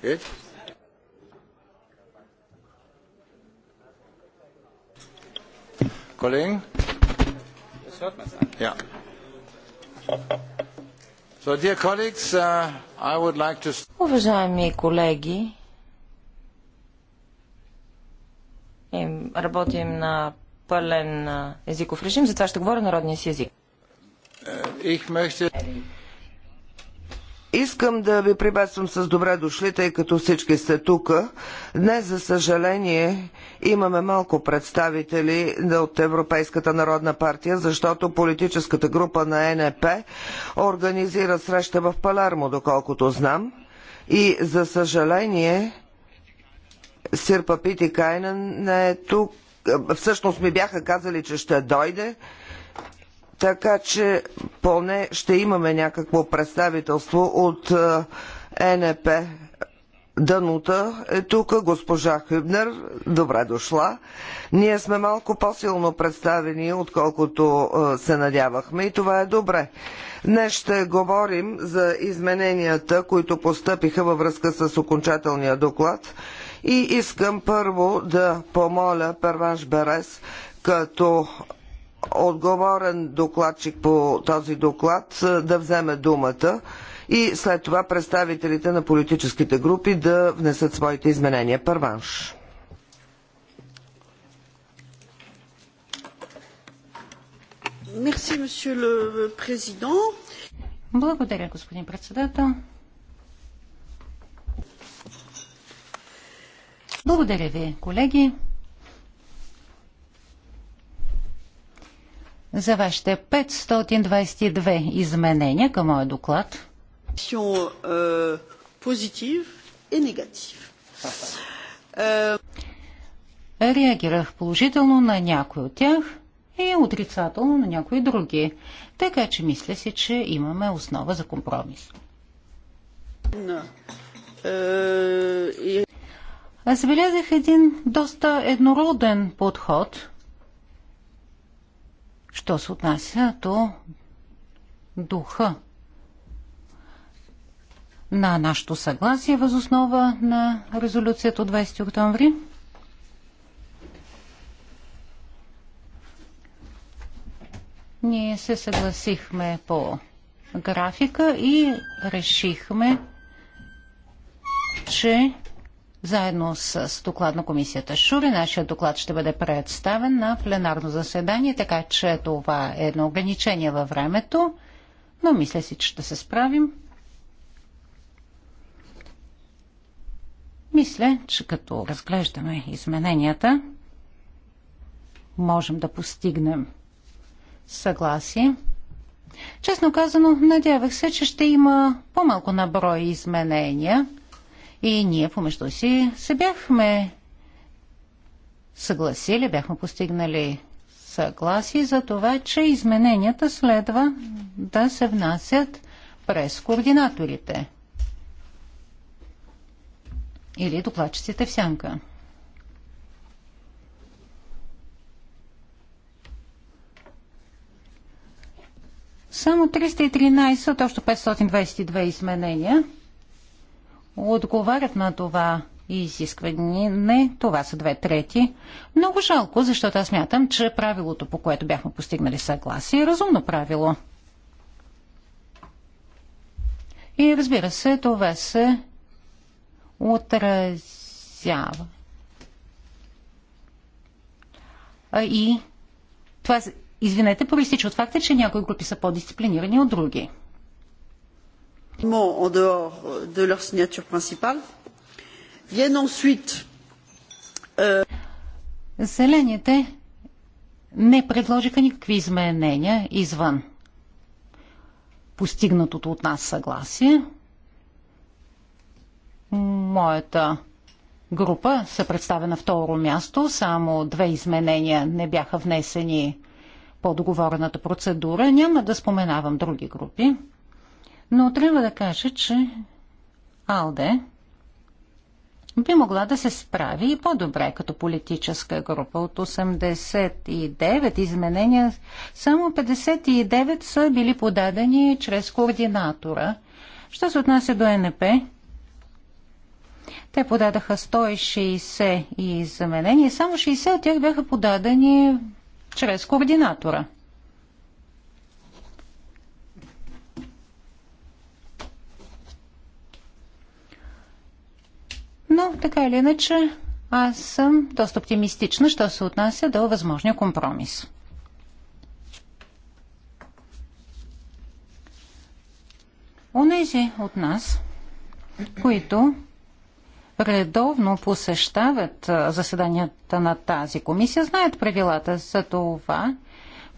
Okay. Kollegen? Das hört man Ja. So, dear colleagues, uh, I would like to... Уважаеми колеги, е, работим на пълен езиков режим, затова ще говоря народния си език. Ich е, möchte... Искам да ви приветствам с добре дошли, тъй като всички сте тук. Днес, за съжаление, имаме малко представители от Европейската народна партия, защото политическата група на НП организира среща в Палермо, доколкото знам. И, за съжаление, Сирпа Пити Кайнен не е тук. Всъщност ми бяха казали, че ще дойде така че поне ще имаме някакво представителство от е, НП. Е Данута е тук, госпожа Хюбнер, добре дошла. Ние сме малко по-силно представени, отколкото е, се надявахме и това е добре. Днес ще говорим за измененията, които постъпиха във връзка с окончателния доклад и искам първо да помоля Перванш Берес като отговорен докладчик по този доклад е, да вземе думата и след това представителите на политическите групи да внесат своите изменения. Първанш. Е, Благодаря, господин председател. Благодаря ви, колеги. за вашите 522 изменения към моя доклад. Э, позитив и негатив. Э, реагирах положително на някои от тях и отрицателно на някои други. Така че мисля си, че имаме основа за компромис. Э, забелязах един доста еднороден подход – Що се отнася до духа на нашето съгласие възоснова на резолюцията от 20 октомври. Ние се съгласихме по графика и решихме, че заедно с доклад на комисията Шури. Нашия доклад ще бъде представен на пленарно заседание, така че това е едно ограничение във времето, но мисля си, че ще се справим. Мисля, че като разглеждаме измененията, можем да постигнем съгласие. Честно казано, надявах се, че ще има по-малко наброй изменения – и ние помежду си се бяхме съгласили, бяхме постигнали съгласие за това, че измененията следва да се внасят през координаторите или докладчиците в сянка. Само 313 от общо 522 изменения – отговарят на това изискване. Не, това са две трети. Много жалко, защото аз мятам, че правилото, по което бяхме постигнали съгласие, е разумно правило. И разбира се, това се отразява. А и това, извинете, проистича от факта, че някои групи са по-дисциплинирани от други en dehors euh, de leur signature principale. Viennent ensuite. Euh, Зелените не предложиха никакви изменения извън постигнатото от нас съгласие. Моята група се представя на второ място. Само две изменения не бяха внесени по договорената процедура. Няма да споменавам други групи. Но трябва да кажа, че Алде би могла да се справи и по-добре като политическа група. От 89 изменения само 59 са били подадени чрез координатора. Що се отнася до НП, те подадаха 160 изменения, само 60 от тях бяха подадени чрез координатора – Но така или иначе, аз съм доста оптимистична, що се отнася до възможния компромис. Онези от нас, които редовно посещават заседанията на тази комисия, знаят правилата за това,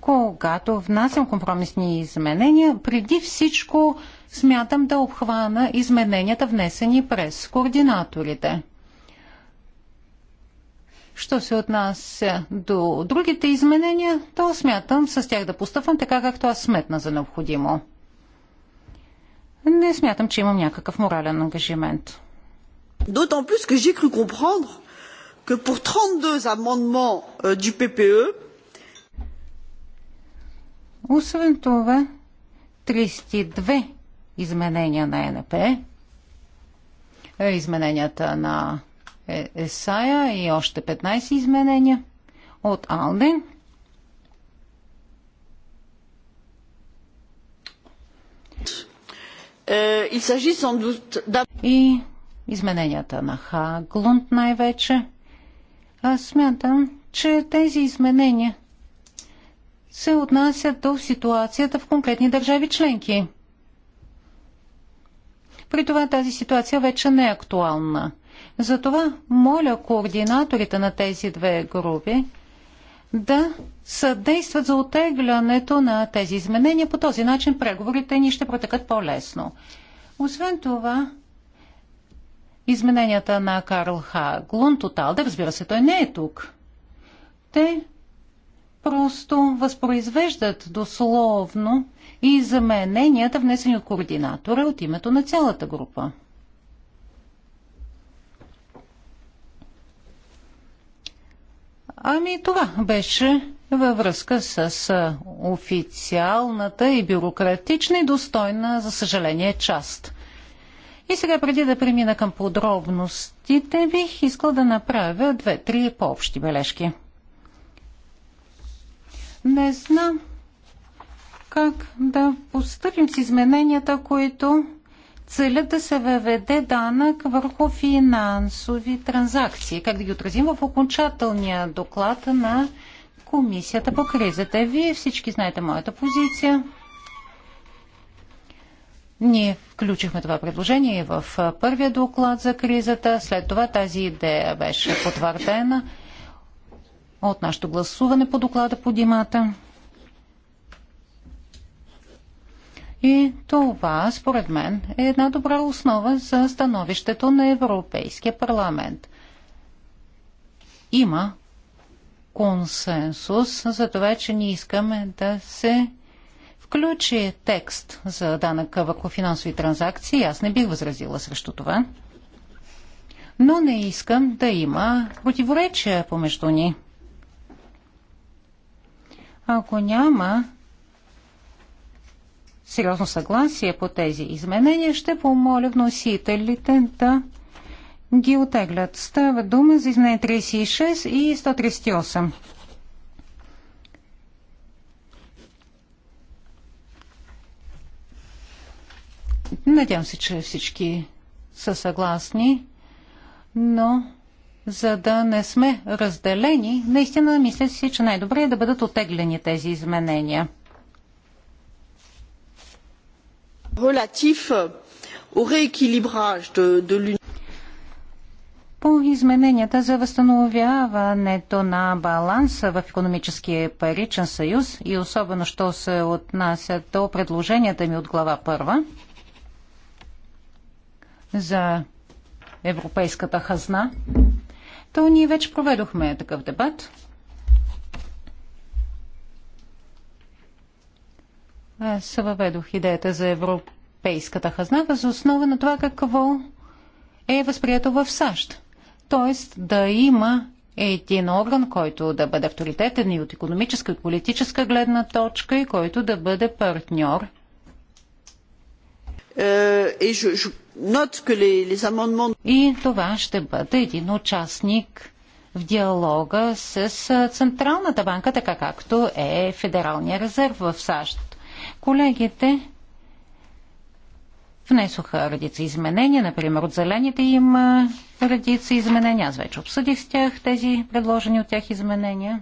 когато внасям компромисни изменения, преди всичко смятам да обхвана измененията, внесени през координаторите. Що се отнася до другите изменения, то смятам с тях да постъпвам така, както аз сметна за необходимо. Не смятам, че имам някакъв морален ангажимент. D'autant plus que j'ai cru comprendre que pour 32 amendements euh, du PPE, освен това, 32 изменения на НП, е, измененията на е, Есая и още 15 изменения от Алден. Е, и измененията на Хаглунд най-вече. Аз смятам, че тези изменения се отнасят до ситуацията в конкретни държави членки. При това тази ситуация вече не е актуална. Затова моля координаторите на тези две групи да съдействат за отеглянето на тези изменения. По този начин преговорите ни ще протекат по-лесно. Освен това, измененията на Карл Хаглун, тотал, да разбира се, той не е тук. Те просто възпроизвеждат дословно и замененията, внесени от координатора от името на цялата група. Ами това беше във връзка с официалната и бюрократична и достойна, за съжаление, част. И сега, преди да премина към подробностите, бих искал да направя две-три по-общи бележки. Не знам как да поступим с измененията, които целят да се въведе данък върху финансови транзакции. Как да ги отразим в окончателния доклад на Комисията по кризата. Вие всички знаете моята позиция. Ние включихме това предложение в първия доклад за кризата. След това тази идея беше потвърдена от нашето гласуване по доклада по димата. И това, според мен, е една добра основа за становището на Европейския парламент. Има консенсус за това, че ние искаме да се включи текст за данъка върху финансови транзакции. Аз не бих възразила срещу това. Но не искам да има противоречия помежду ни. Ако няма сериозно съгласие по тези изменения, ще помоля вносителите да ги отеглят. Става дума за изменение 36 и 138. Надявам се, че всички са съгласни, но за да не сме разделени, наистина мисля си, че най-добре е да бъдат отеглени тези изменения. Relatif au rééquilibrage de, de l'Union по измененията за възстановяването на баланса в економическия паричен съюз и особено, що се отнася до предложенията ми от глава първа за европейската хазна то ние вече проведохме такъв дебат. Аз въведох идеята за европейската хазна за основа на това какво е възприето в САЩ. Тоест да има един орган, който да бъде авторитетен и от економическа и от политическа гледна точка и който да бъде партньор – Euh, И това ще бъде един участник в диалога с Централната банка, така както е Федералния резерв в САЩ. Колегите внесоха редица изменения, например от зелените има редица изменения. Аз вече обсъдих с тях тези предложени от тях изменения.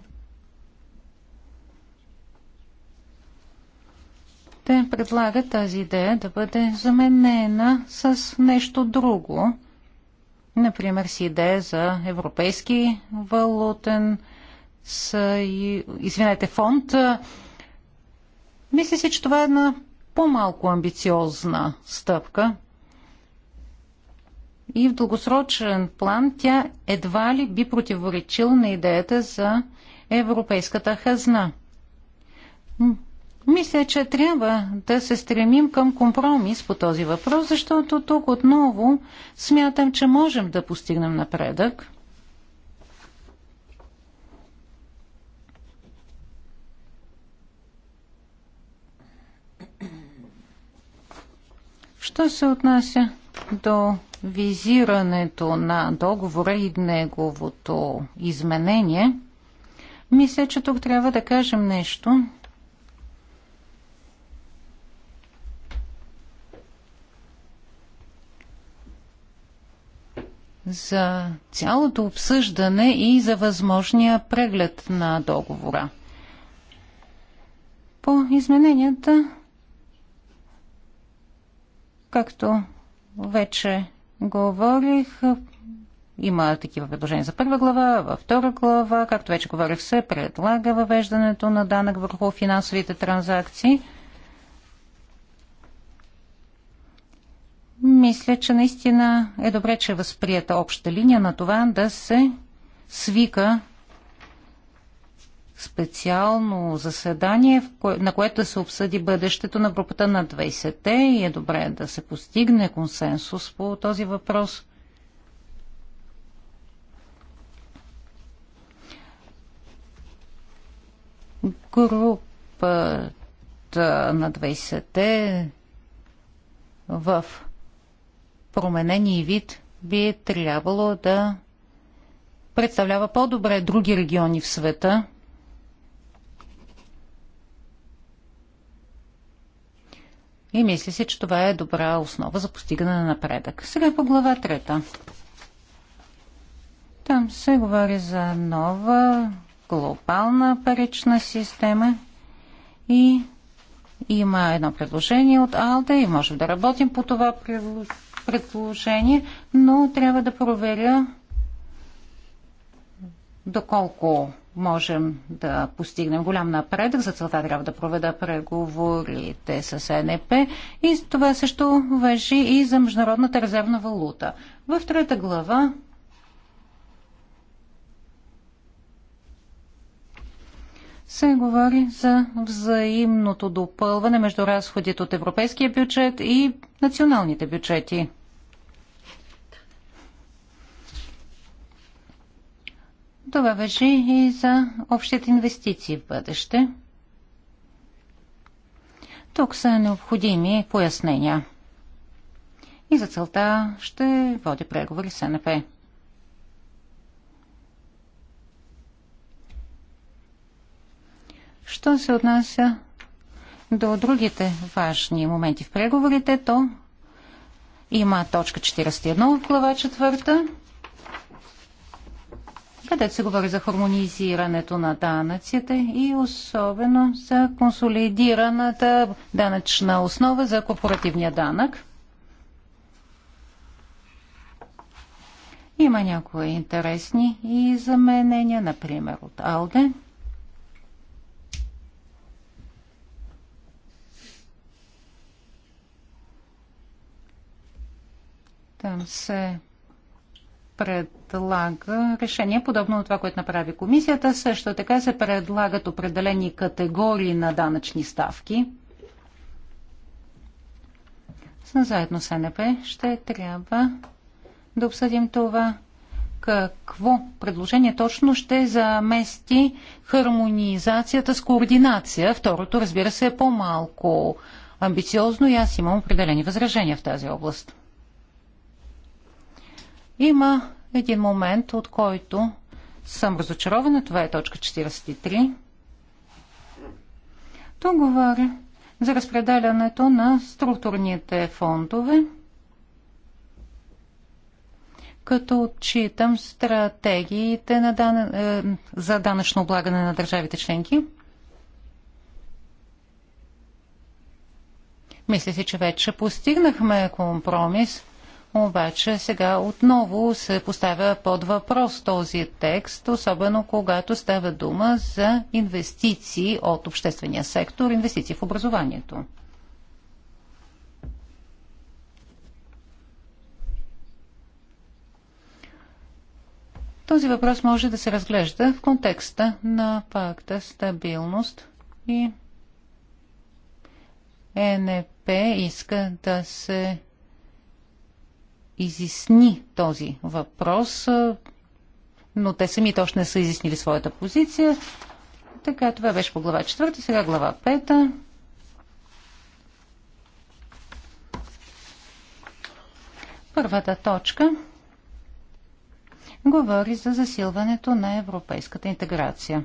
Те предлагат тази идея да бъде заменена с нещо друго, например с идея за европейски валутен с, извинете, фонд. Мисля си, че това е една по-малко амбициозна стъпка. И в дългосрочен план тя едва ли би противоречил на идеята за европейската хазна. Мисля, че трябва да се стремим към компромис по този въпрос, защото тук отново смятам, че можем да постигнем напредък. Що се отнася до визирането на договора и неговото изменение, мисля, че тук трябва да кажем нещо – за цялото обсъждане и за възможния преглед на договора. По измененията, както вече говорих, има такива предложения за първа глава, във втора глава, както вече говорих, се предлага въвеждането на данък върху финансовите транзакции – Мисля, че наистина е добре, че е възприята обща линия на това да се свика специално заседание, на което се обсъди бъдещето на групата на 20-те и е добре да се постигне консенсус по този въпрос. Групата на 20-те в Променени вид би трябвало да представлява по-добре други региони в света. И мисля си, че това е добра основа за постигане на напредък. Сега по глава трета. Там се говори за нова глобална парична система и има едно предложение от АЛДЕ и можем да работим по това предложение Предположение, но трябва да проверя доколко можем да постигнем голям напредък. За целта трябва да проведа преговорите с НП и това също вежи и за Международната резервна валута. В трета глава се говори за взаимното допълване между разходите от европейския бюджет и националните бюджети. Това въжи и за общите инвестиции в бъдеще. Тук са необходими пояснения. И за целта ще води преговори с НП. Що се отнася до другите важни моменти в преговорите, то има точка 41 в глава 4 където се говори за хармонизирането на данъците и особено за консолидираната данъчна основа за корпоративния данък. Има някои интересни изменения, например от Алде. Там се предлага решение, подобно на това, което направи комисията. Също така се предлагат определени категории на данъчни ставки. Заедно с НП ще трябва да обсъдим това какво предложение точно ще замести хармонизацията с координация. Второто, разбира се, е по-малко амбициозно и аз имам определени възражения в тази област. Има един момент, от който съм разочарована. Това е точка 43. Тук говоря за разпределянето на структурните фондове, като отчитам стратегиите на дан... Е, за данъчно облагане на държавите членки. Мисля си, че вече постигнахме компромис обаче сега отново се поставя под въпрос този текст, особено когато става дума за инвестиции от обществения сектор, инвестиции в образованието. Този въпрос може да се разглежда в контекста на пакта стабилност и НП иска да се изясни този въпрос, но те сами точно не са изяснили своята позиция. Така, това беше по глава 4, сега глава 5. Първата точка говори за засилването на европейската интеграция.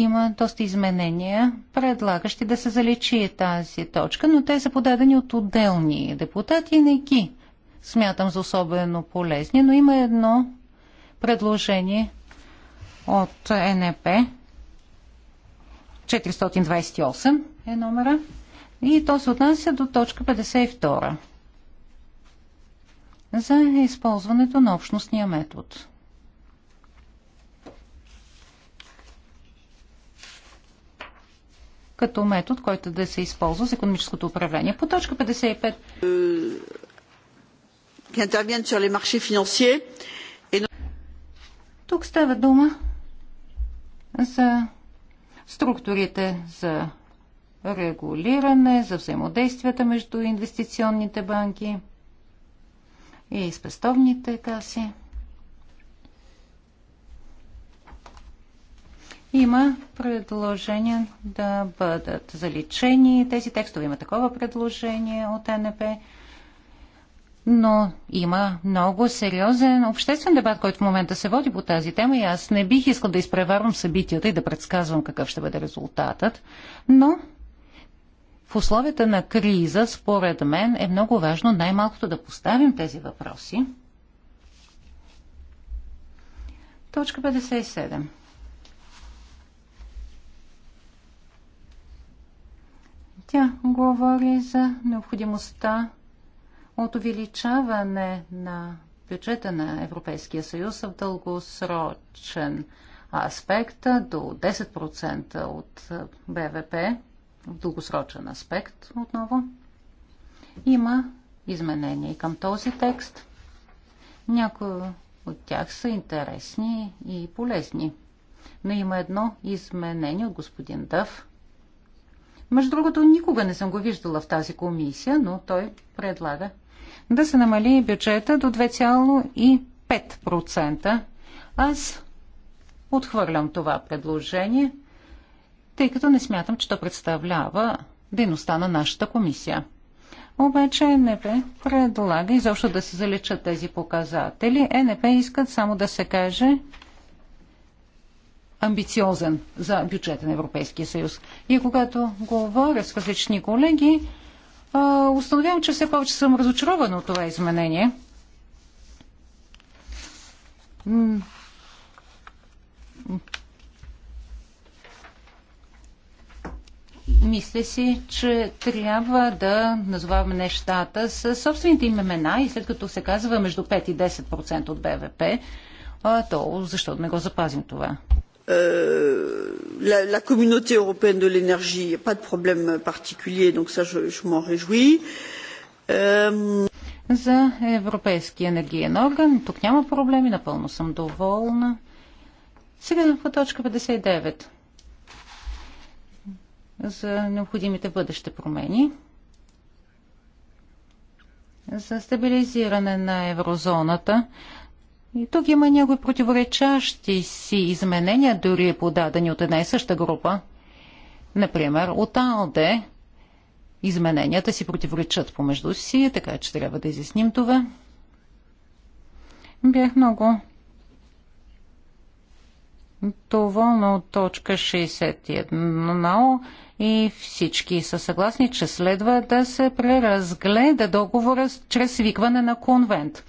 Има доста изменения, предлагащи да се заличи тази точка, но те са подадени от отделни депутати и не ги смятам за особено полезни, но има едно предложение от НП. 428 е номера. И то се отнася до точка 52 за използването на общностния метод. като метод, който да се използва за економическото управление. По точка 55 е, Тук става дума за структурите за регулиране, за взаимодействията между инвестиционните банки и спестовните каси. Има предложение да бъдат заличени тези текстове. Има такова предложение от НП. Но има много сериозен обществен дебат, който в момента се води по тази тема и аз не бих искал да изпреварвам събитията и да предсказвам какъв ще бъде резултатът. Но в условията на криза, според мен, е много важно най-малкото да поставим тези въпроси. Точка 57. Тя говори за необходимостта от увеличаване на бюджета на Европейския съюз в дългосрочен аспект до 10% от БВП, в дългосрочен аспект отново. Има изменения към този текст. Някои от тях са интересни и полезни. Но има едно изменение от господин Дъв, между другото, никога не съм го виждала в тази комисия, но той предлага да се намали бюджета до 2,5%. Аз отхвърлям това предложение, тъй като не смятам, че то представлява дейността на нашата комисия. Обаче НП предлага изобщо да се заличат тези показатели. НП искат само да се каже, амбициозен за бюджета на Европейския съюз. И когато говоря с различни колеги, установявам, че все повече съм разочарована от това изменение. Мисля си, че трябва да назоваваме нещата с собствените им имена и след като се казва между 5 и 10% от БВП, то защо да не го запазим това? Euh, la, communauté européenne de l'énergie, il n'y a pas de problème particulier, donc ça je, m'en réjouis. Euh, за Европейския енергиен орган тук няма проблеми, напълно съм доволна. Сега по точка 59 за необходимите бъдещи промени. За стабилизиране на еврозоната и тук има някои противоречащи си изменения, дори подадени от една и съща група. Например, от АЛДЕ измененията си противоречат помежду си, така че трябва да изясним това. Бях много доволна от точка 61 и всички са съгласни, че следва да се преразгледа договора чрез свикване на конвент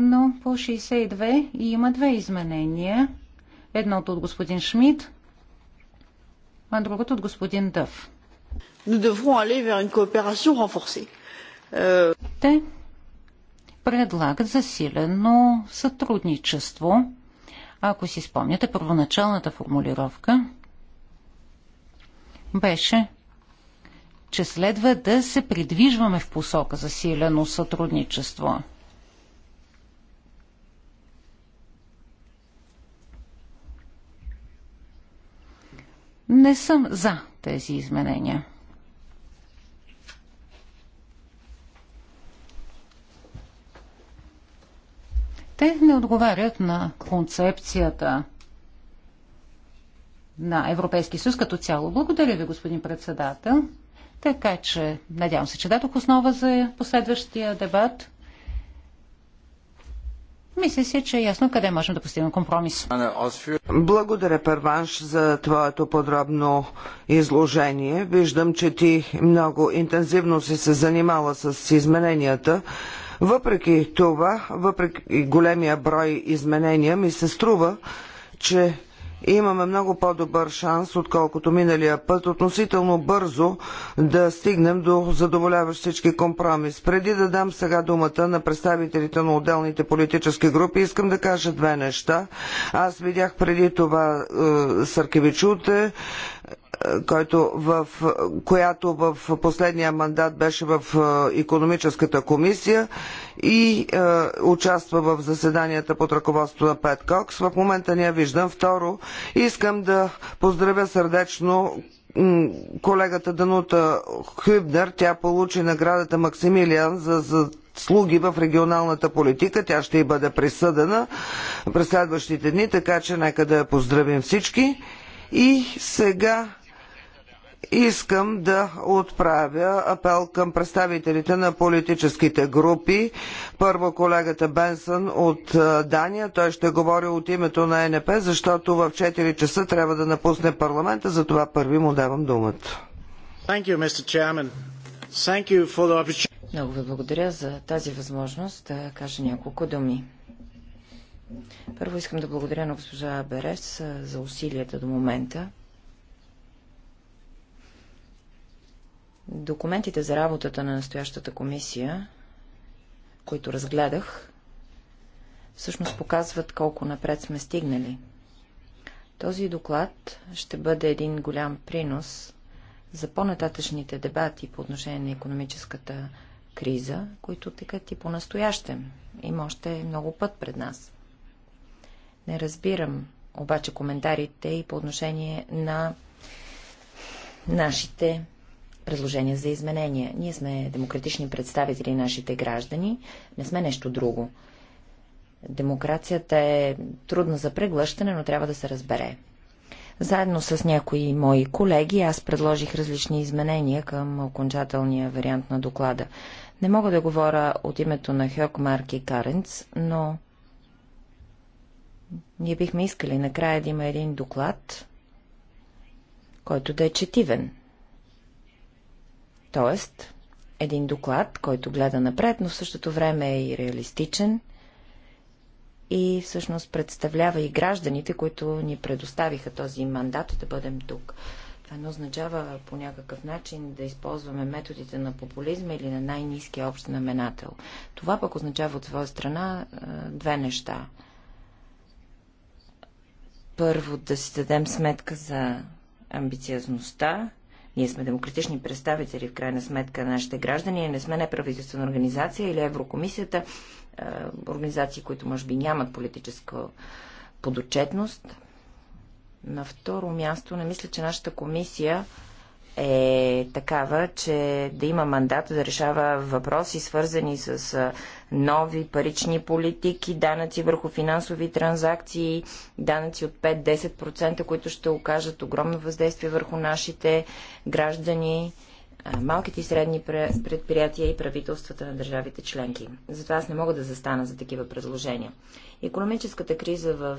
но по 62 има две изменения. Едното от господин Шмидт, а другото от господин Дъв. Nous aller vers une coopération renforcée. Euh, Те предлагат засилено сътрудничество. Ако си спомняте, първоначалната формулировка беше, че следва да се придвижваме в посока засилено сътрудничество. Не съм за тези изменения. Те не отговарят на концепцията на Европейския съюз като цяло. Благодаря ви, господин председател. Така че, надявам се, че дадох основа за последващия дебат. Мисля си, че е ясно къде можем да постигнем компромис. Благодаря, Първанш, за твоето подробно изложение. Виждам, че ти много интензивно си се занимала с измененията. Въпреки това, въпреки големия брой изменения, ми се струва, че имаме много по-добър шанс, отколкото миналия път, относително бързо да стигнем до задоволяващ всички компромис. Преди да дам сега думата на представителите на отделните политически групи, искам да кажа две неща. Аз видях преди това е, Саркевичуте който в, която в последния мандат беше в е, економическата комисия и е, участва в заседанията под ръководство на Пет Кокс. В момента не я виждам. Второ, искам да поздравя сърдечно колегата Данута Хюбнер. Тя получи наградата Максимилиан за, за слуги в регионалната политика. Тя ще й бъде присъдена през следващите дни, така че нека да я поздравим всички. И сега Искам да отправя апел към представителите на политическите групи. Първо колегата Бенсън от Дания. Той ще говори от името на НП, защото в 4 часа трябва да напусне парламента, затова първи му давам думата. Много ви благодаря за тази възможност да кажа няколко думи. Първо искам да благодаря на госпожа Берес за усилията до момента. Документите за работата на настоящата комисия, които разгледах, всъщност показват колко напред сме стигнали. Този доклад ще бъде един голям принос за по-нататъчните дебати по отношение на економическата криза, които текат и по-настоящем. Има още много път пред нас. Не разбирам обаче коментарите и по отношение на нашите предложения за изменения. Ние сме демократични представители на нашите граждани, не сме нещо друго. Демокрацията е трудна за преглъщане, но трябва да се разбере. Заедно с някои мои колеги аз предложих различни изменения към окончателния вариант на доклада. Не мога да говоря от името на Хьок Марк и Каренц, но ние бихме искали накрая да има един доклад, който да е четивен. Т.е. един доклад, който гледа напред, но в същото време е и реалистичен и всъщност представлява и гражданите, които ни предоставиха този мандат да бъдем тук. Това не означава по някакъв начин да използваме методите на популизма или на най-низкия общ знаменател. Това пък означава от своя страна две неща. Първо да си дадем сметка за амбициозността ние сме демократични представители, в крайна сметка, на нашите граждани. Не сме неправителствена организация или Еврокомисията, организации, които може би нямат политическа подотчетност. На второ място, не мисля, че нашата комисия е такава, че да има мандат да решава въпроси, свързани с нови парични политики, данъци върху финансови транзакции, данъци от 5-10%, които ще окажат огромно въздействие върху нашите граждани, малките и средни предприятия и правителствата на държавите членки. Затова аз не мога да застана за такива предложения. Економическата криза в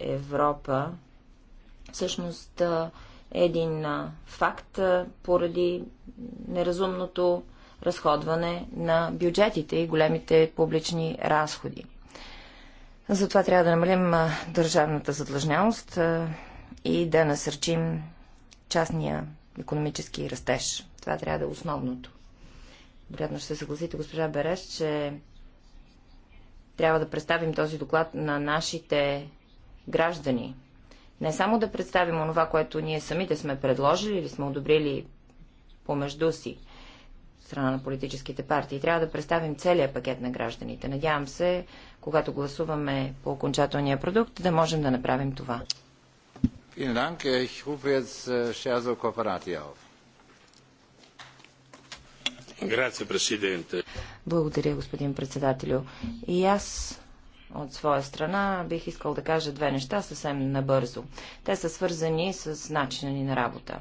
Европа всъщност един факт поради неразумното разходване на бюджетите и големите публични разходи. Затова трябва да намалим държавната задлъжнялост и да насърчим частния економически растеж. Това трябва да е основното. Вероятно ще се съгласите, госпожа Береш, че трябва да представим този доклад на нашите граждани, не само да представим онова, което ние самите сме предложили или сме одобрили помежду си страна на политическите партии. Трябва да представим целият пакет на гражданите. Надявам се, когато гласуваме по окончателния продукт, да можем да направим това. Äh, Благодаря, господин председателю. И аз от своя страна бих искал да кажа две неща съвсем набързо. Те са свързани с начина ни на работа.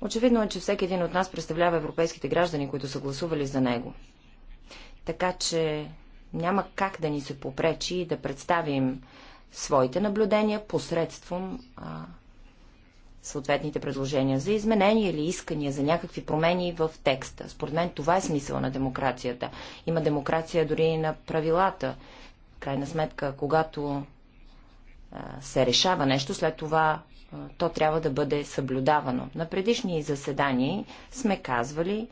Очевидно е, че всеки един от нас представлява европейските граждани, които са гласували за него. Така че няма как да ни се попречи да представим своите наблюдения посредством а, съответните предложения за изменения или искания за някакви промени в текста. Според мен това е смисъл на демокрацията. Има демокрация дори и на правилата. В крайна сметка, когато се решава нещо, след това то трябва да бъде съблюдавано. На предишни заседания сме казвали,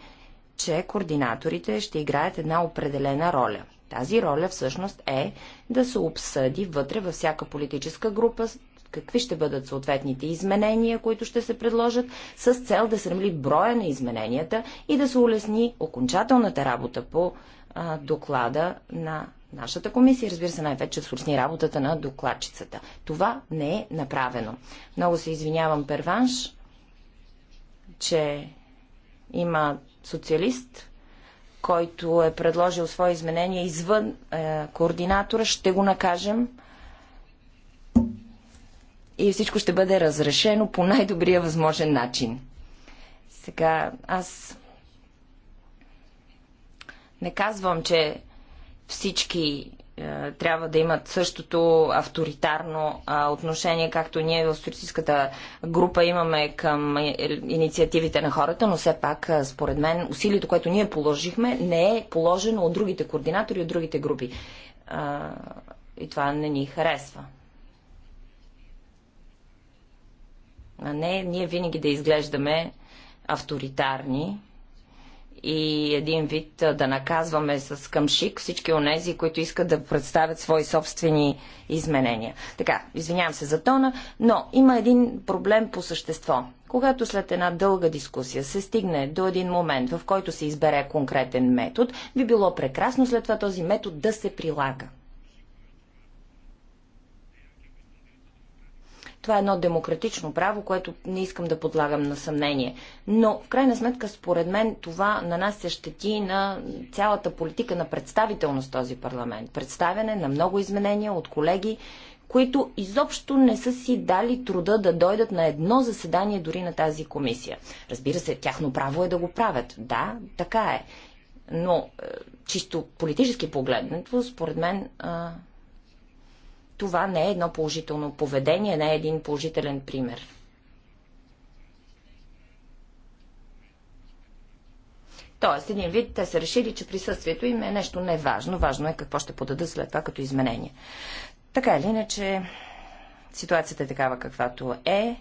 че координаторите ще играят една определена роля. Тази роля всъщност е да се обсъди вътре във всяка политическа група какви ще бъдат съответните изменения, които ще се предложат, с цел да се намали броя на измененията и да се улесни окончателната работа по а, доклада на нашата комисия, разбира се, най-вече да се работата на докладчицата. Това не е направено. Много се извинявам, Перванш, че има социалист, който е предложил свое изменение извън е, координатора, ще го накажем и всичко ще бъде разрешено по най-добрия възможен начин. Сега аз не казвам, че всички е, трябва да имат същото авторитарно е, отношение, както ние в туристическата група имаме към е, инициативите на хората, но все пак, е, според мен, усилието, което ние положихме, не е положено от другите координатори, от другите групи. Е, и това не ни харесва. а не ние винаги да изглеждаме авторитарни и един вид да наказваме с къмшик всички онези, които искат да представят свои собствени изменения. Така, извинявам се за тона, но има един проблем по същество. Когато след една дълга дискусия се стигне до един момент, в който се избере конкретен метод, би било прекрасно след това този метод да се прилага. Това е едно демократично право, което не искам да подлагам на съмнение. Но, в крайна сметка, според мен, това на нас се щети на цялата политика на представителност този парламент. Представяне на много изменения от колеги, които изобщо не са си дали труда да дойдат на едно заседание дори на тази комисия. Разбира се, тяхно право е да го правят. Да, така е. Но е, чисто политически погледнато, според мен, това не е едно положително поведение, не е един положителен пример. Тоест, един вид те са решили, че присъствието им е нещо неважно. Важно е какво ще подадат след това като изменение. Така или иначе, ситуацията е такава каквато е.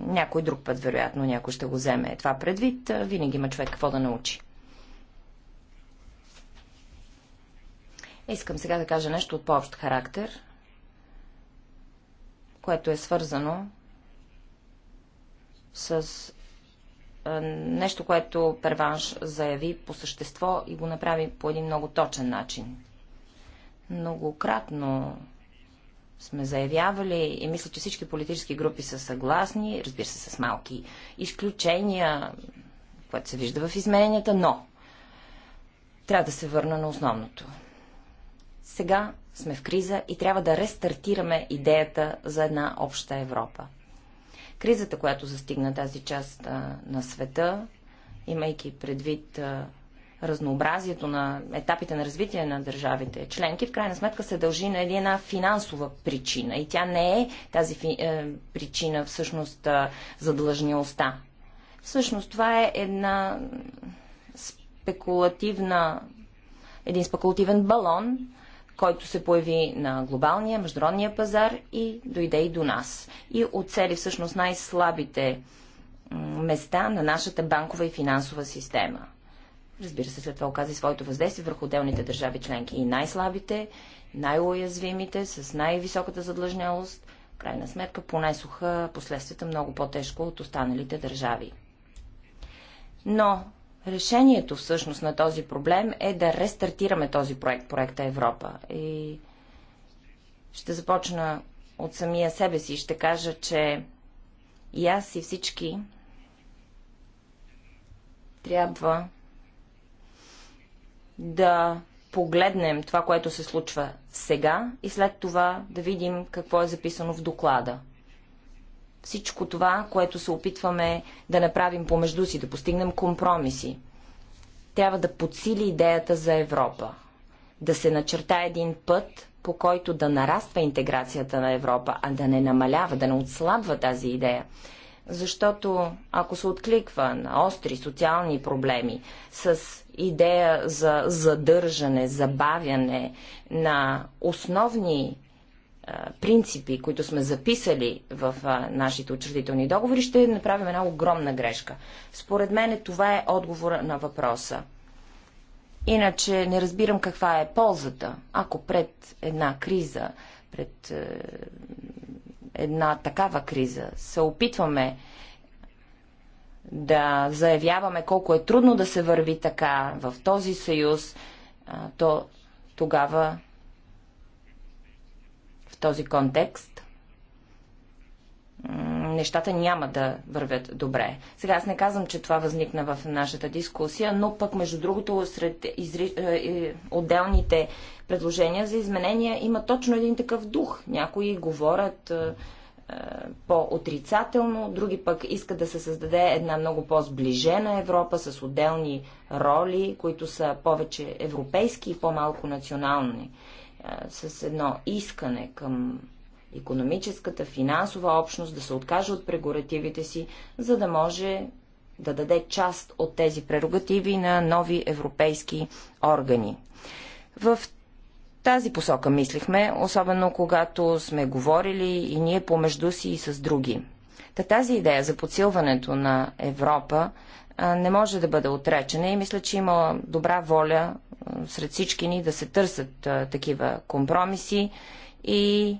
Някой друг път, вероятно, някой ще го вземе това предвид. Винаги има човек какво да научи. Искам сега да кажа нещо от по-общ характер, което е свързано с нещо, което Перванш заяви по същество и го направи по един много точен начин. Многократно сме заявявали и мисля, че всички политически групи са съгласни, разбира се, с малки изключения, което се вижда в измененията, но трябва да се върна на основното. Сега сме в криза и трябва да рестартираме идеята за една обща Европа. Кризата, която застигна тази част а, на света, имайки предвид а, разнообразието на етапите на развитие на държавите членки, в крайна сметка се дължи на една финансова причина. И тя не е тази фи, е, причина всъщност задлъжнялостта. Всъщност това е една спекулативна, един спекулативен балон, който се появи на глобалния, международния пазар и дойде и до нас. И оцели всъщност най-слабите места на нашата банкова и финансова система. Разбира се, след това оказа и своето въздействие върху отделните държави членки. И най-слабите, най-уязвимите, с най-високата задлъжнялост, крайна сметка понесоха последствията много по-тежко от останалите държави. Но Решението всъщност на този проблем е да рестартираме този проект, проекта Европа. И ще започна от самия себе си. и Ще кажа, че и аз и всички трябва да погледнем това, което се случва сега и след това да видим какво е записано в доклада – всичко това, което се опитваме да направим помежду си, да постигнем компромиси. Трябва да подсили идеята за Европа, да се начерта един път, по който да нараства интеграцията на Европа, а да не намалява, да не отслабва тази идея. Защото ако се откликва на остри социални проблеми с идея за задържане, забавяне на основни принципи, които сме записали в нашите учредителни договори, ще направим една огромна грешка. Според мен това е отговора на въпроса. Иначе не разбирам каква е ползата, ако пред една криза, пред е, една такава криза, се опитваме да заявяваме колко е трудно да се върви така в този съюз, то тогава този контекст нещата няма да вървят добре. Сега аз не казвам, че това възникна в нашата дискусия, но пък между другото сред изри... Е, е, отделните предложения за изменения има точно един такъв дух. Някои говорят е, по-отрицателно, други пък искат да се създаде една много по-сближена Европа с отделни роли, които са повече европейски и по-малко национални а, с едно искане към економическата, финансова общност да се откаже от прегоративите си, за да може да даде част от тези прерогативи на нови европейски органи. В тази посока мислихме, особено когато сме говорили и ние помежду си и с други. Та тази идея за подсилването на Европа не може да бъде отречена и мисля, че има добра воля сред всички ни да се търсят такива компромиси и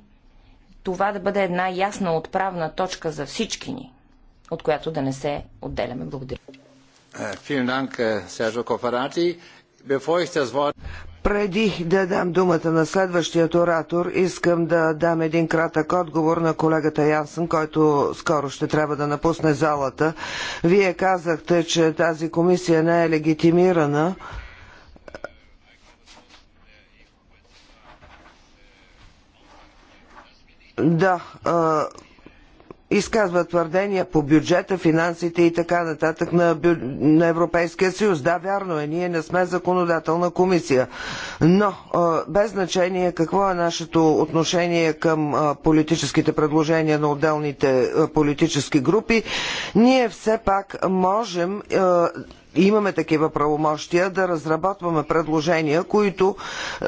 това да бъде една ясна отправна точка за всички ни, от която да не се отделяме. Благодаря. Е, преди да дам думата на следващия оратор, искам да дам един кратък отговор на колегата Янсен, който скоро ще трябва да напусне залата. Вие казахте, че тази комисия не е легитимирана. Да, изказва твърдения по бюджета, финансите и така нататък на, бю... на Европейския съюз. Да, вярно е, ние не сме законодателна комисия. Но без значение какво е нашето отношение към политическите предложения на отделните политически групи, ние все пак можем имаме такива правомощия да разработваме предложения, които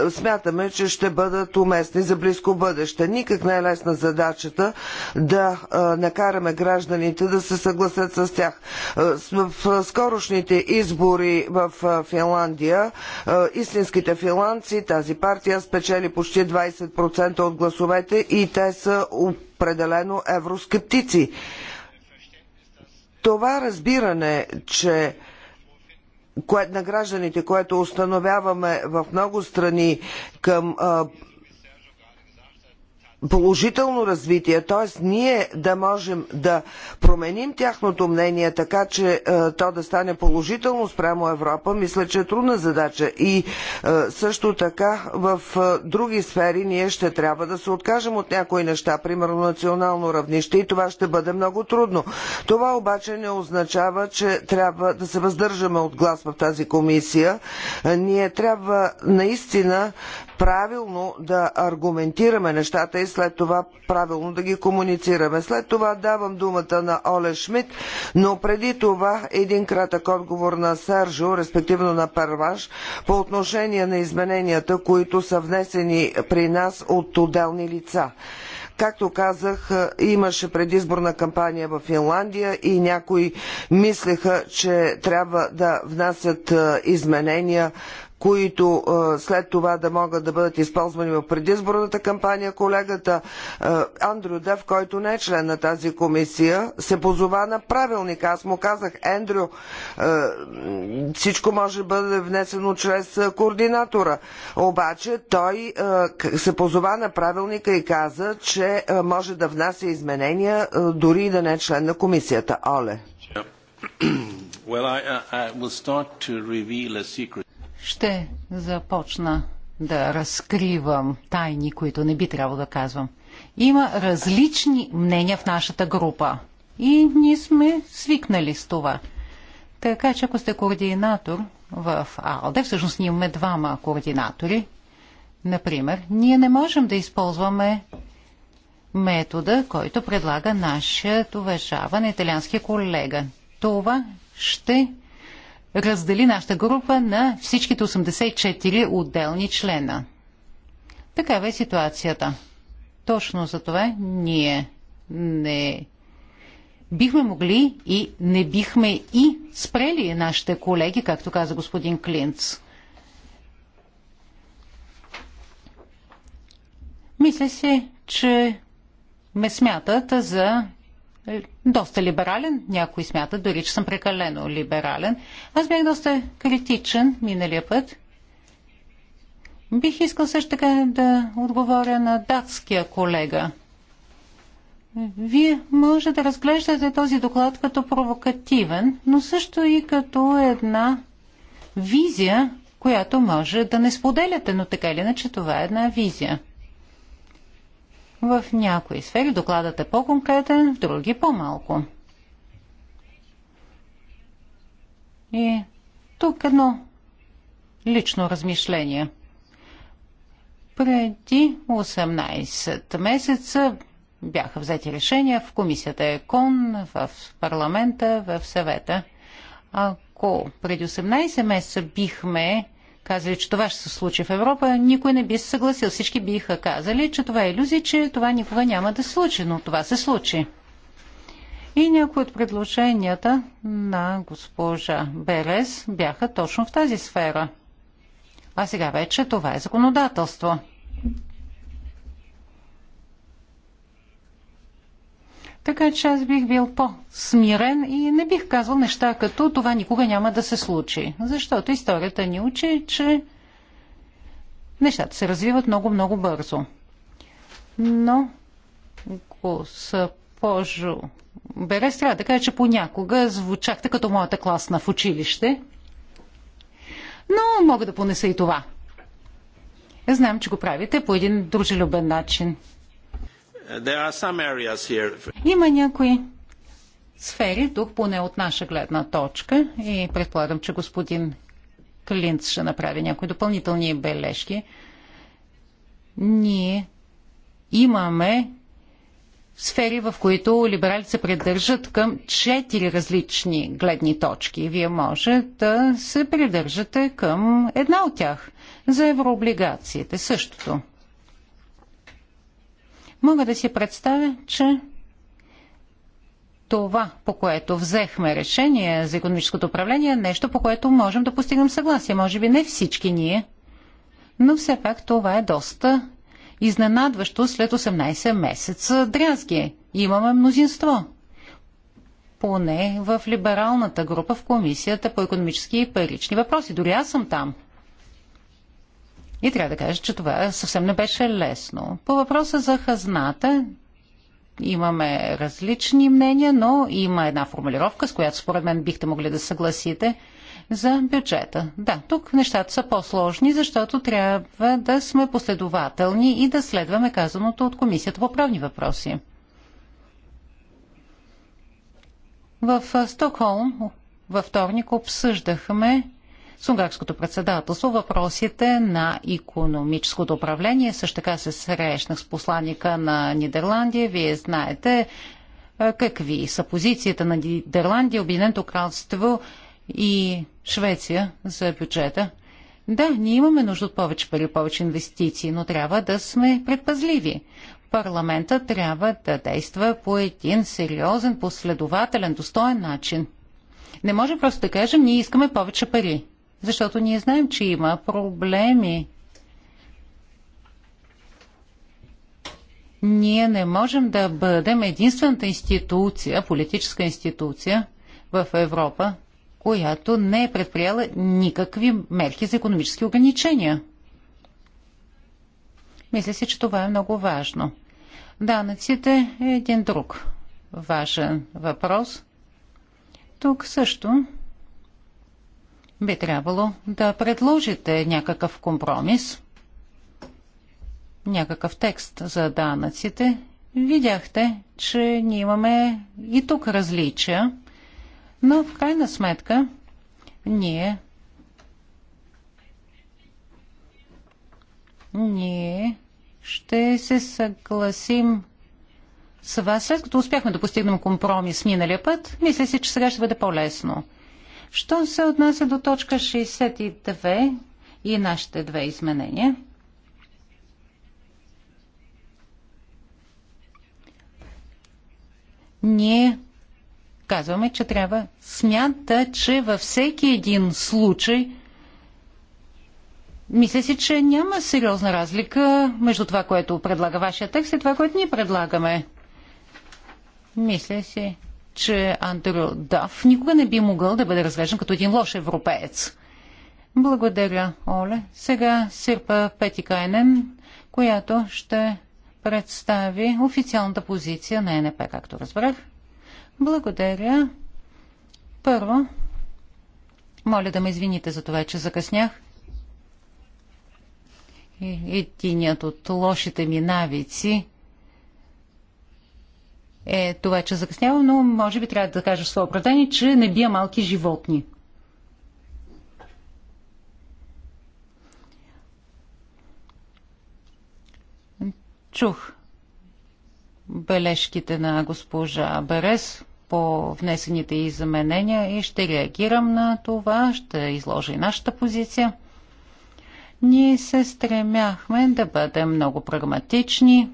е, смятаме, че ще бъдат уместни за близко бъдеще. Никак не е лесна задачата да е, накараме гражданите да се съгласят с тях. Е, в скорошните избори в Финландия истинските финландци, тази партия спечели почти 20% от гласовете и те са определено евроскептици. Това разбиране, че кое, на гражданите, което установяваме в много страни към а, положително развитие, т.е. ние да можем да променим тяхното мнение така, че е, то да стане положително спрямо Европа, мисля, че е трудна задача. И е, също така в е, други сфери ние ще трябва да се откажем от някои неща, примерно национално равнище и това ще бъде много трудно. Това обаче не означава, че трябва да се въздържаме от глас в тази комисия. Е, ние трябва наистина правилно да аргументираме нещата и след това правилно да ги комуницираме. След това давам думата на Оле Шмидт, но преди това един кратък отговор на Сержо, респективно на Перваш, по отношение на измененията, които са внесени при нас от отделни лица. Както казах, имаше предизборна кампания в Финландия и някои мислеха, че трябва да внасят изменения които след това да могат да бъдат използвани в предизборната кампания. Колегата Андрю Дев, който не е член на тази комисия, се позова на правилника. Аз му казах, Ендрю, всичко може да бъде внесено чрез координатора. Обаче той се позова на правилника и каза, че може да внася изменения дори и да не е член на комисията. Оле. Well, I, uh, I will start to reveal a secret ще започна да разкривам тайни, които не би трябвало да казвам. Има различни мнения в нашата група и ние сме свикнали с това. Така че ако сте координатор в АЛДЕ, всъщност ние имаме двама координатори, например, ние не можем да използваме метода, който предлага нашият уважаване италиански колега. Това ще раздели нашата група на всичките 84 отделни члена. Такава е ситуацията. Точно за това ние не бихме могли и не бихме и спрели нашите колеги, както каза господин Клинц. Мисля се, че ме смятат за е, доста либерален. Някои смятат дори, че съм прекалено либерален. Аз бях доста критичен миналия път. Бих искал също така да отговоря на датския колега. Вие може да разглеждате този доклад като провокативен, но също и като една визия, която може да не споделяте, но така или иначе това е една визия. В някои сфери докладът е по-конкретен, в други по-малко. И тук едно лично размишление. Преди 18 месеца бяха взети решения в комисията ЕКОН, в парламента, в съвета. Ако преди 18 месеца бихме казали, че това ще се случи в Европа, никой не би се съгласил. Всички биха казали, че това е иллюзия, че това никога няма да се случи, но това се случи. И някои от предложенията на госпожа Берес бяха точно в тази сфера. А сега вече това е законодателство. Така че аз бих бил по-смирен и не бих казал неща като това никога няма да се случи. Защото историята ни учи, че нещата се развиват много-много бързо. Но, госпожо Берес, трябва да кажа, че понякога звучахте като моята класна в училище. Но мога да понеса и това. Знам, че го правите по един дружелюбен начин. Има някои сфери, тук поне от наша гледна точка, и предполагам, че господин Клинц ще направи някои допълнителни бележки. Ние имаме сфери, в които либералите се придържат към четири различни гледни точки. Вие може да се придържате към една от тях. За еврооблигациите същото. Мога да си представя, че това, по което взехме решение за економическото управление, е нещо, по което можем да постигнем съгласие. Може би не всички ние, но все пак това е доста изненадващо след 18 месеца дрязги. Имаме мнозинство. Поне в либералната група в Комисията по економически и парични въпроси. Дори аз съм там – и трябва да кажа, че това съвсем не беше лесно. По въпроса за хазната имаме различни мнения, но има една формулировка, с която според мен бихте могли да съгласите за бюджета. Да, тук нещата са по-сложни, защото трябва да сме последователни и да следваме казаното от Комисията по правни въпроси. В Стокхолм във вторник обсъждахме с унгарското председателство въпросите на економическото управление. Също така се срещнах с посланника на Нидерландия. Вие знаете е, какви са позицията на Нидерландия, Обединеното кралство и Швеция за бюджета. Да, ние имаме нужда от повече пари, повече инвестиции, но трябва да сме предпазливи. Парламента трябва да действа по един сериозен, последователен, достоен начин. Не може просто да кажем, ние искаме повече пари. Защото ние знаем, че има проблеми. Ние не можем да бъдем единствената институция, политическа институция в Европа, която не е предприяла никакви мерки за економически ограничения. Мисля си, че това е много важно. Данъците е един друг важен въпрос. Тук също би трябвало да предложите някакъв компромис, някакъв текст за данъците. Видяхте, че ние имаме и тук различия, но в крайна сметка ние ние ще се съгласим с вас, след като успяхме да постигнем компромис миналия път, мисля си, че сега ще бъде по-лесно. Що се отнася до точка 62 и нашите две изменения? Ние казваме, че трябва смята, че във всеки един случай мисля си, че няма сериозна разлика между това, което предлага вашия текст и това, което ние предлагаме. Мисля си, че Андрю Даф никога не би могъл да бъде разглеждан като един лош европеец. Благодаря, Оле. Сега Сирпа Петикайнен, която ще представи официалната позиция на НП, както разбрах. Благодаря. Първо, моля да ме извините за това, че закъснях. Единият от лошите ми навици е това, че закъснява, но може би трябва да кажа свое оправдание, че не бия малки животни. Чух бележките на госпожа Берес по внесените изменения и ще реагирам на това, ще изложа и нашата позиция. Ние се стремяхме да бъдем много прагматични,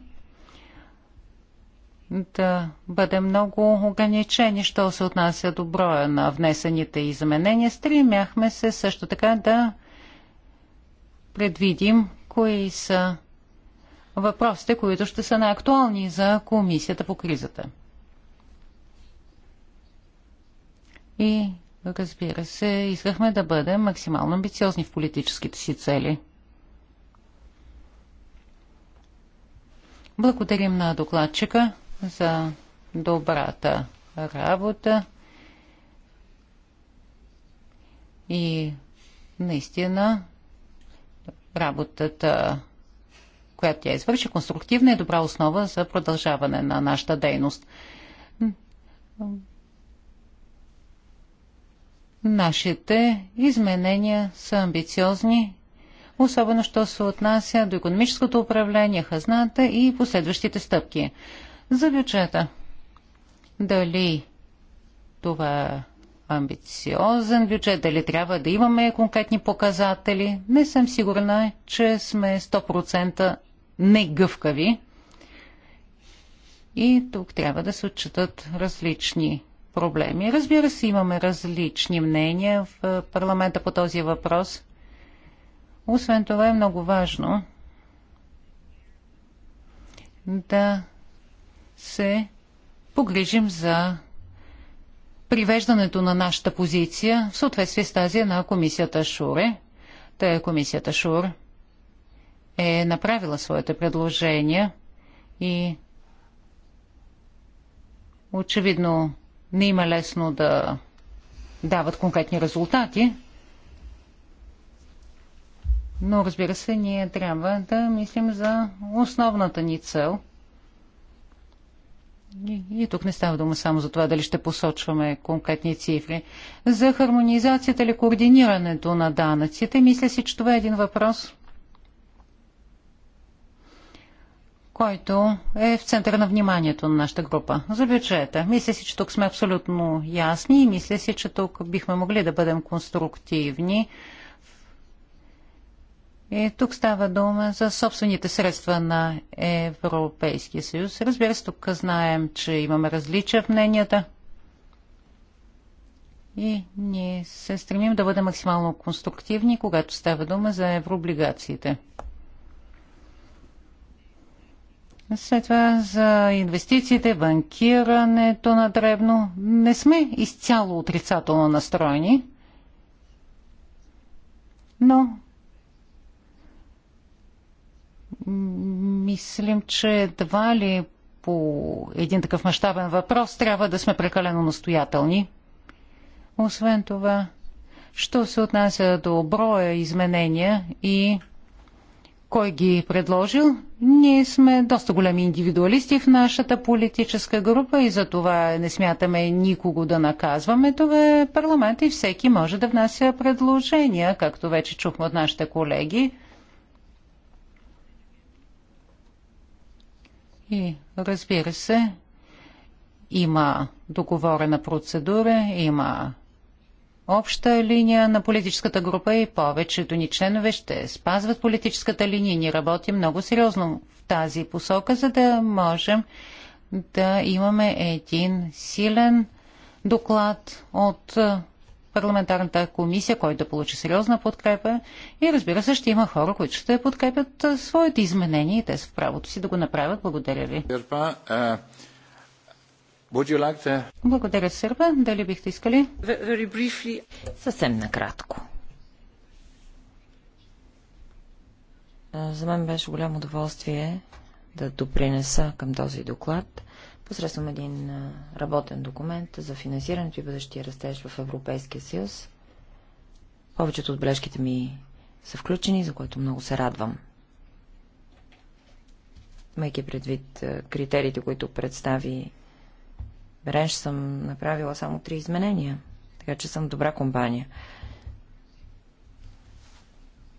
да бъдем много ограничени, що се отнася до броя на внесените изменения. Стремяхме се също така да предвидим кои са въпросите, които ще са най-актуални за комисията по кризата. И, разбира се, искахме да бъдем максимално амбициозни в политическите си цели. Благодарим на докладчика за добрата работа и наистина работата, която тя извърши, конструктивна и добра основа за продължаване на нашата дейност. Нашите изменения са амбициозни, особено що се отнася до економическото управление, хазната и последващите стъпки. За бюджета. Дали това е амбициозен бюджет, дали трябва да имаме конкретни показатели. Не съм сигурна, че сме 100% негъвкави. И тук трябва да се отчитат различни проблеми. Разбира се, имаме различни мнения в е, парламента по този въпрос. Освен това е много важно да се погрижим за привеждането на нашата позиция в съответствие с тази на комисията Шуре. Та комисията Шур е направила своите предложения и очевидно не има лесно да дават конкретни резултати. Но разбира се, ние трябва да мислим за основната ни цел – ние тук не става дума само за това дали ще посочваме конкретни цифри. За хармонизацията или координирането на данъците, мисля си, че това е един въпрос, който е в центъра на вниманието на нашата група. За бюджета. Мисля си, че тук сме абсолютно ясни и мисля си, че тук бихме могли да бъдем конструктивни и тук става дума за собствените средства на Европейския съюз. Разбира се, тук знаем, че имаме различия в мненията. И ние се стремим да бъдем максимално конструктивни, когато става дума за еврооблигациите. След това за инвестициите, банкирането на дребно. Не сме изцяло отрицателно настроени, но мислим, че едва ли по един такъв мащабен въпрос трябва да сме прекалено настоятелни. Освен това, що се отнася до броя изменения и кой ги е предложил, ние сме доста големи индивидуалисти в нашата политическа група и за това не смятаме никого да наказваме. Това е парламент и всеки може да внася предложения, както вече чухме от нашите колеги. И разбира се, има договорена процедура, има обща линия на политическата група и повечето ни членове ще спазват политическата линия. Ние работим много сериозно в тази посока, за да можем да имаме един силен доклад от парламентарната комисия, който да получи сериозна подкрепа. И разбира се, ще има хора, които ще подкрепят своите изменения и те са в правото си да го направят. Благодаря ви. Благодаря, Сърба. Дали бихте искали? Съвсем накратко. За мен беше голямо удоволствие да допринеса към този доклад посредством един работен документ за финансирането и бъдещия растеж в Европейския съюз. Повечето от бележките ми са включени, за което много се радвам. Майки предвид критериите, които представи Беренш, съм направила само три изменения, така че съм добра компания.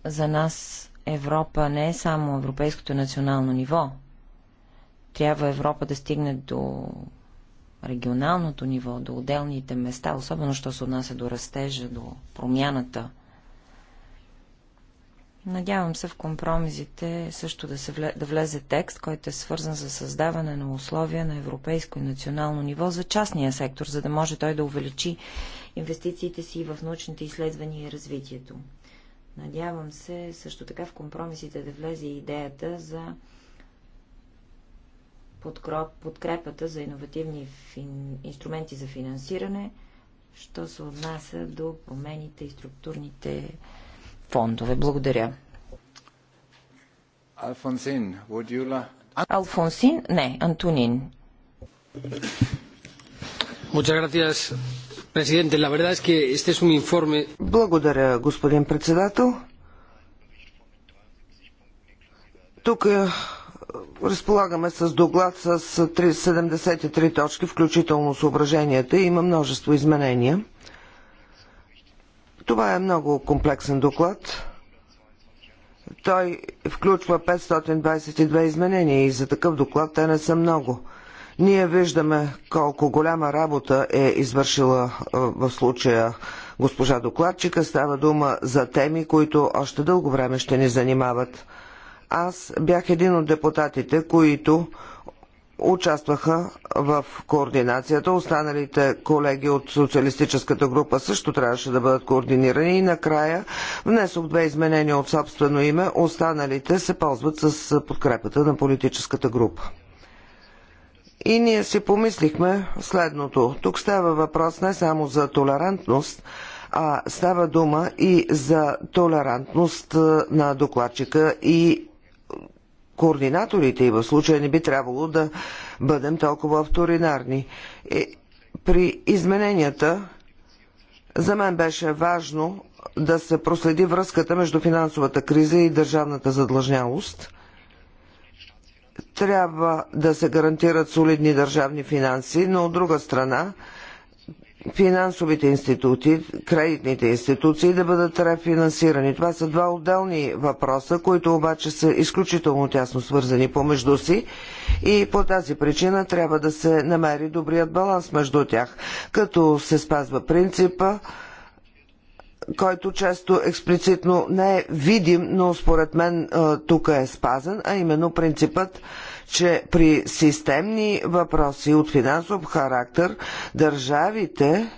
За нас Европа не е само европейското национално ниво – трябва Европа да стигне до регионалното ниво, до отделните места, особено що се отнася до растежа, до промяната. Надявам се в компромизите също да, се влезе, да влезе текст, който е свързан за създаване на условия на европейско и национално ниво за частния сектор, за да може той да увеличи инвестициите си в научните изследвания и развитието. Надявам се също така в компромисите да влезе идеята за подкрепата за иновативни фин... инструменти за финансиране, що се отнася до промените и структурните фондове. Благодаря. Алфонсин, la... Алфонсин? Не, Антонин. Muchas gracias, presidente. La verdad es que este es un informe. Благодаря, господин председател. Тук разполагаме с доклад с 73 точки, включително съображенията и има множество изменения. Това е много комплексен доклад. Той включва 522 изменения и за такъв доклад те не са много. Ние виждаме колко голяма работа е извършила е, в случая госпожа докладчика. Става дума за теми, които още дълго време ще ни занимават. Аз бях един от депутатите, които участваха в координацията. Останалите колеги от социалистическата група също трябваше да бъдат координирани и накрая внесох две изменения от собствено име. Останалите се ползват с подкрепата на политическата група. И ние си помислихме следното. Тук става въпрос не само за толерантност, а става дума и за толерантност на докладчика и координаторите и в случая не би трябвало да бъдем толкова авторинарни. И при измененията за мен беше важно да се проследи връзката между финансовата криза и държавната задлъжнялост. Трябва да се гарантират солидни държавни финанси, но от друга страна финансовите институции, кредитните институции да бъдат рефинансирани. Това са два отделни въпроса, които обаче са изключително тясно свързани помежду си и по тази причина трябва да се намери добрият баланс между тях, като се спазва принципа който често експлицитно не е видим, но според мен тук е спазен, а именно принципът че при системни въпроси от финансов характер държавите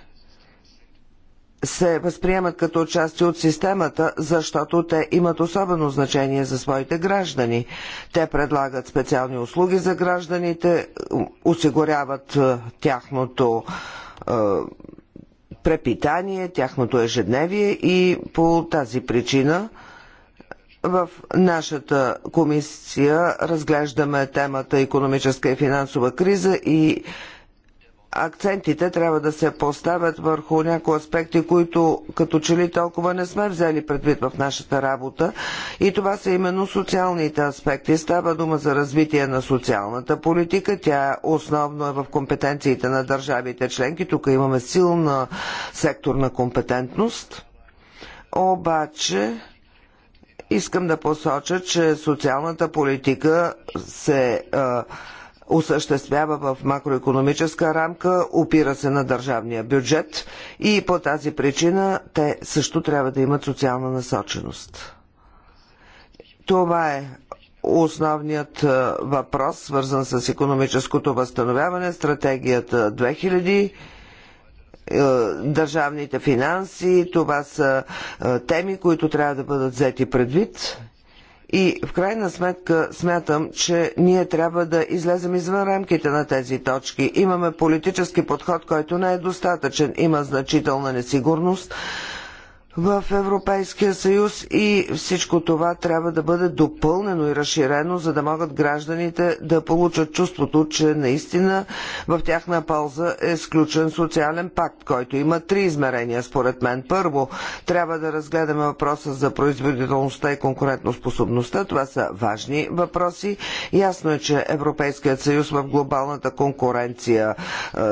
се възприемат като части от системата, защото те имат особено значение за своите граждани. Те предлагат специални услуги за гражданите, осигуряват е, тяхното е, препитание, тяхното ежедневие и по тази причина – в нашата комисия разглеждаме темата економическа и финансова криза и акцентите трябва да се поставят върху някои аспекти, които като че ли толкова не сме взели предвид в нашата работа. И това са именно социалните аспекти. Става дума за развитие на социалната политика. Тя основно е в компетенциите на държавите членки. Тук имаме силна секторна компетентност. Обаче Искам да посоча, че социалната политика се а, осъществява в макроекономическа рамка, опира се на държавния бюджет и по тази причина те също трябва да имат социална насоченост. Това е основният въпрос, свързан с економическото възстановяване, стратегията 2000 е, държавните финанси. Това са е, теми, които трябва да бъдат взети предвид. И в крайна сметка смятам, че ние трябва да излезем извън рамките на тези точки. Имаме политически подход, който не е достатъчен. Има значителна несигурност в Европейския съюз и всичко това трябва да бъде допълнено и разширено, за да могат гражданите да получат чувството, че наистина в тяхна полза е сключен социален пакт, който има три измерения според мен. Първо, трябва да разгледаме въпроса за производителността и конкурентоспособността. Това са важни въпроси. Ясно е, че Европейският съюз в глобалната конкуренция е,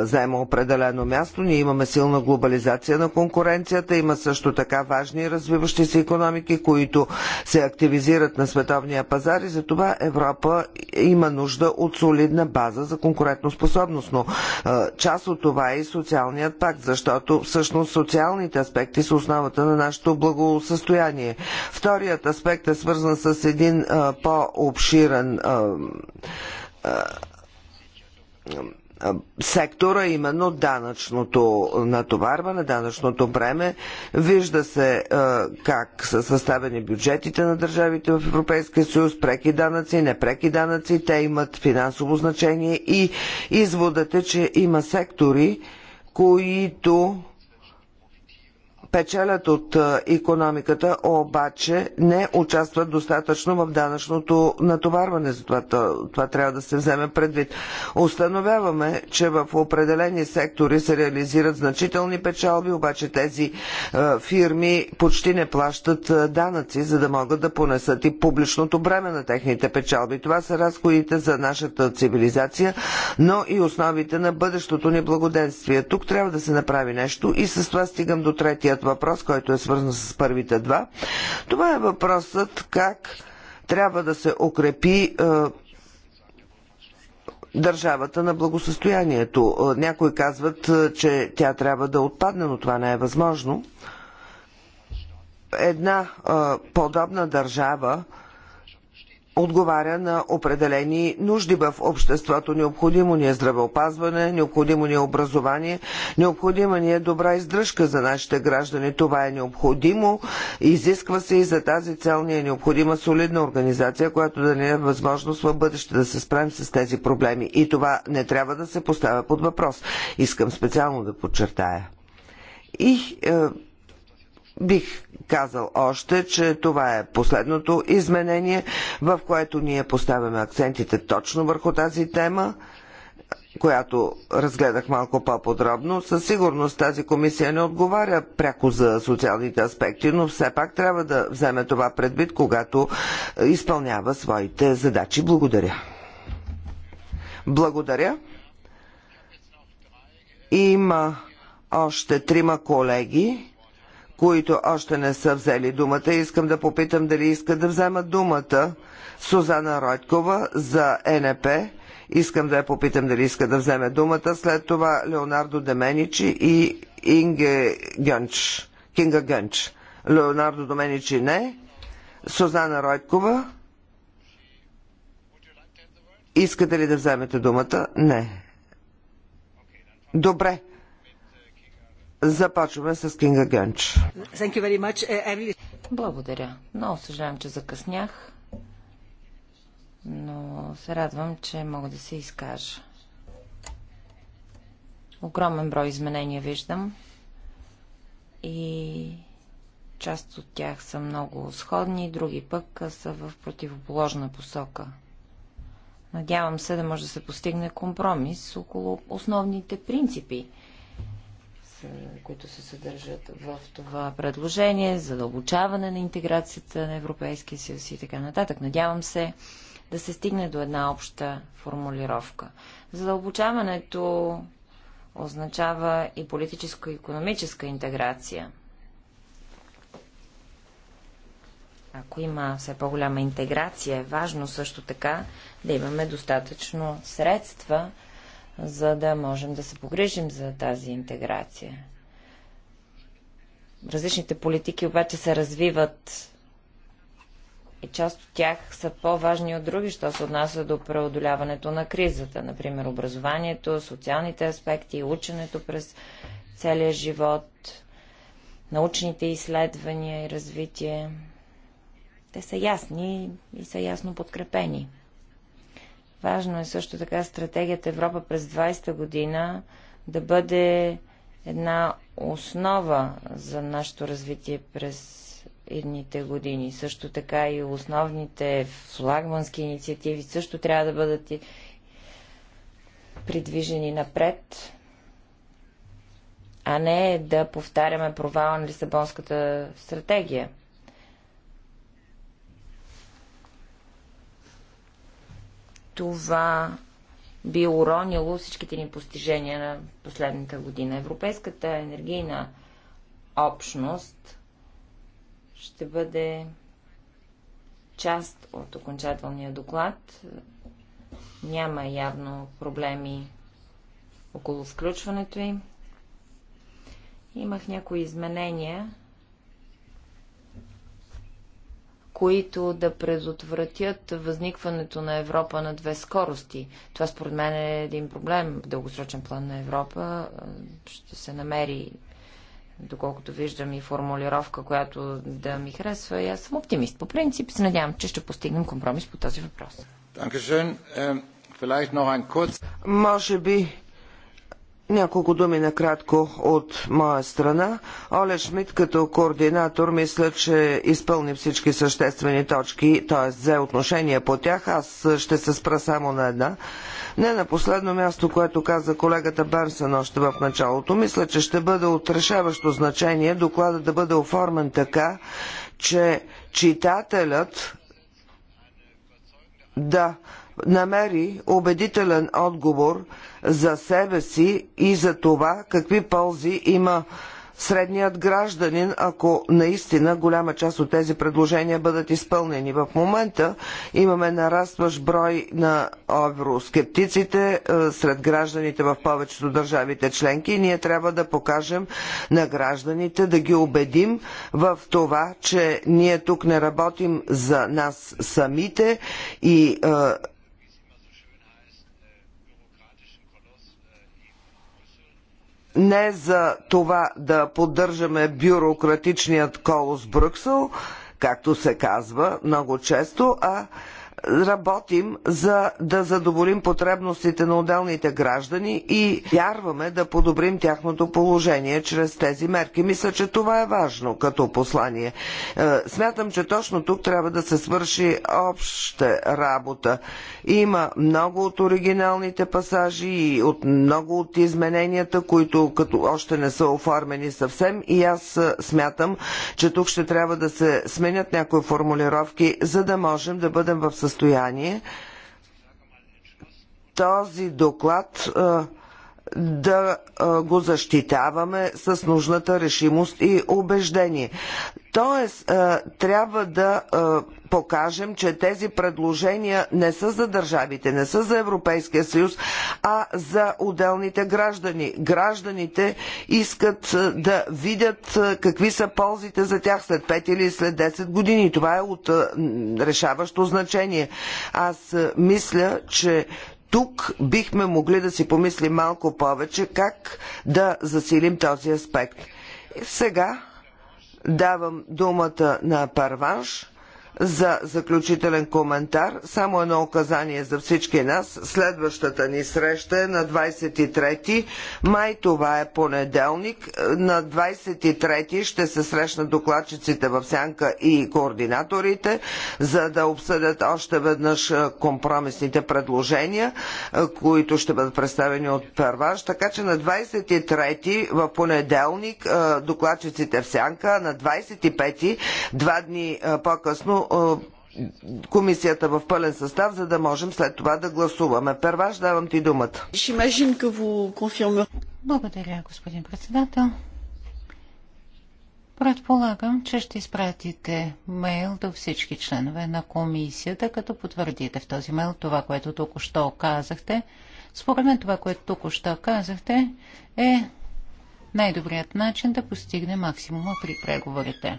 заема определено място. Ние имаме силна глобализация на конкуренцията. Има също така така важни развиващи се економики, които се активизират на световния пазар и затова Европа има нужда от солидна база за конкурентоспособност. Но част от това е и социалният пакт, защото всъщност социалните аспекти са основата на нашето благосъстояние. Вторият аспект е свързан с един по-обширен сектора, именно данъчното натоварване, данъчното бреме. Вижда се как са съставени бюджетите на държавите в Европейския съюз, преки данъци, непреки данъци, те имат финансово значение и изводът е, че има сектори, които печелят от економиката, обаче не участват достатъчно в данъчното натоварване. Затова това трябва да се вземе предвид. Установяваме, че в определени сектори се реализират значителни печалби, обаче тези фирми почти не плащат данъци, за да могат да понесат и публичното бреме на техните печалби. Това са разходите за нашата цивилизация, но и основите на бъдещото ни благоденствие. Тук трябва да се направи нещо и с това стигам до третия Първият въпрос, който е свързан с първите два, това е въпросът как трябва да се укрепи е, държавата на благосъстоянието. Е, някои казват, е, че тя трябва да отпадне, но това не е възможно. Една подобна държава отговаря на определени нужди в обществото. Необходимо ни е здравеопазване, необходимо ни е образование, необходима ни е добра издръжка за нашите граждани. Това е необходимо. Изисква се и за тази цел ни е необходима солидна организация, която да ни е възможност в бъдеще да се справим с тези проблеми. И това не трябва да се поставя под въпрос. Искам специално да подчертая. И е, Бих казал още, че това е последното изменение, в което ние поставяме акцентите точно върху тази тема която разгледах малко по-подробно. Със сигурност тази комисия не отговаря пряко за социалните аспекти, но все пак трябва да вземе това предвид, когато изпълнява своите задачи. Благодаря. Благодаря. Има още трима колеги които още не са взели думата. Искам да попитам дали искат да вземат думата Сузана Ройткова за НП. Искам да я попитам дали иска да вземе думата. След това Леонардо Деменичи и Инге Гънч. Кинга Гънч. Леонардо Доменичи не. Сузана Ройткова. Искате ли да вземете думата? Не. Добре. Започваме с Кинга Гънч. Uh, Благодаря. Много съжалявам, че закъснях, но се радвам, че мога да се изкажа. Огромен брой изменения виждам и част от тях са много сходни, други пък са в противоположна посока. Надявам се да може да се постигне компромис около основните принципи – е, които се съдържат в това предложение, задълбочаване на интеграцията на Европейския съюз и така нататък. Надявам се да се стигне до една обща формулировка. Задълбочаването означава и политическо-економическа интеграция. Ако има все по-голяма интеграция, е важно също така да имаме достатъчно средства, за да можем да се погрижим за тази интеграция. Различните политики обаче се развиват и част от тях са по-важни от други, що се отнася до преодоляването на кризата. Например, образованието, социалните аспекти, ученето през целия живот, научните изследвания и развитие. Те са ясни и са ясно подкрепени. Важно е също така стратегията Европа през 20-та година да бъде една основа за нашето развитие през едните години. Също така и основните флагмански инициативи също трябва да бъдат и придвижени напред, а не да повтаряме провала на Лисабонската стратегия – това би уронило всичките ни постижения на последната година. Европейската енергийна общност ще бъде част от окончателния доклад. Няма явно проблеми около включването им. Имах някои изменения, които да предотвратят възникването на Европа на две скорости. Това според мен е един проблем в дългосрочен план на Европа. Ще се намери, доколкото виждам и формулировка, която да ми харесва. И аз съм оптимист. По принцип се надявам, че ще постигнем компромис по този въпрос. Е, Може би няколко думи накратко от моя страна. Оле Шмидт като координатор мисля, че изпълни всички съществени точки, т.е. взе отношение по тях. Аз ще се спра само на една. Не на последно място, което каза колегата Берсен още в началото, мисля, че ще бъде от решаващо значение доклада да бъде оформен така, че читателят да намери убедителен отговор за себе си и за това какви ползи има средният гражданин, ако наистина голяма част от тези предложения бъдат изпълнени. В момента имаме нарастващ брой на евроскептиците е, сред гражданите в повечето държавите членки и ние трябва да покажем на гражданите, да ги убедим в това, че ние тук не работим за нас самите и е, не за това да поддържаме бюрократичният колос Брюксел, както се казва много често, а работим за да задоволим потребностите на отделните граждани и вярваме да подобрим тяхното положение чрез тези мерки. Мисля, че това е важно като послание. Е, смятам, че точно тук трябва да се свърши обща работа. Има много от оригиналните пасажи и от много от измененията, които като още не са оформени съвсем и аз е, смятам, че тук ще трябва да се сменят някои формулировки, за да можем да бъдем в състояние състояние. Този доклад а, да го защитаваме с нужната решимост и убеждение. Тоест, трябва да покажем, че тези предложения не са за държавите, не са за Европейския съюз, а за отделните граждани. Гражданите искат да видят какви са ползите за тях след 5 или след 10 години. Това е от решаващо значение. Аз мисля, че тук бихме могли да си помислим малко повече как да засилим този аспект. Сега давам думата на Парванш за заключителен коментар. Само едно указание за всички нас. Следващата ни среща е на 23 май, това е понеделник. На 23 ще се срещнат докладчиците в Сянка и координаторите, за да обсъдят още веднъж компромисните предложения, които ще бъдат представени от Перваш. Така че на 23 в понеделник докладчиците в Сянка, на 25 два дни по-късно комисията в пълен състав, за да можем след това да гласуваме. Перваш, давам ти думата. Благодаря, господин председател. Предполагам, че ще изпратите мейл до всички членове на комисията, като потвърдите в този мейл това, което току-що казахте. Според мен това, което току-що казахте, е най-добрият начин да постигне максимума при преговорите.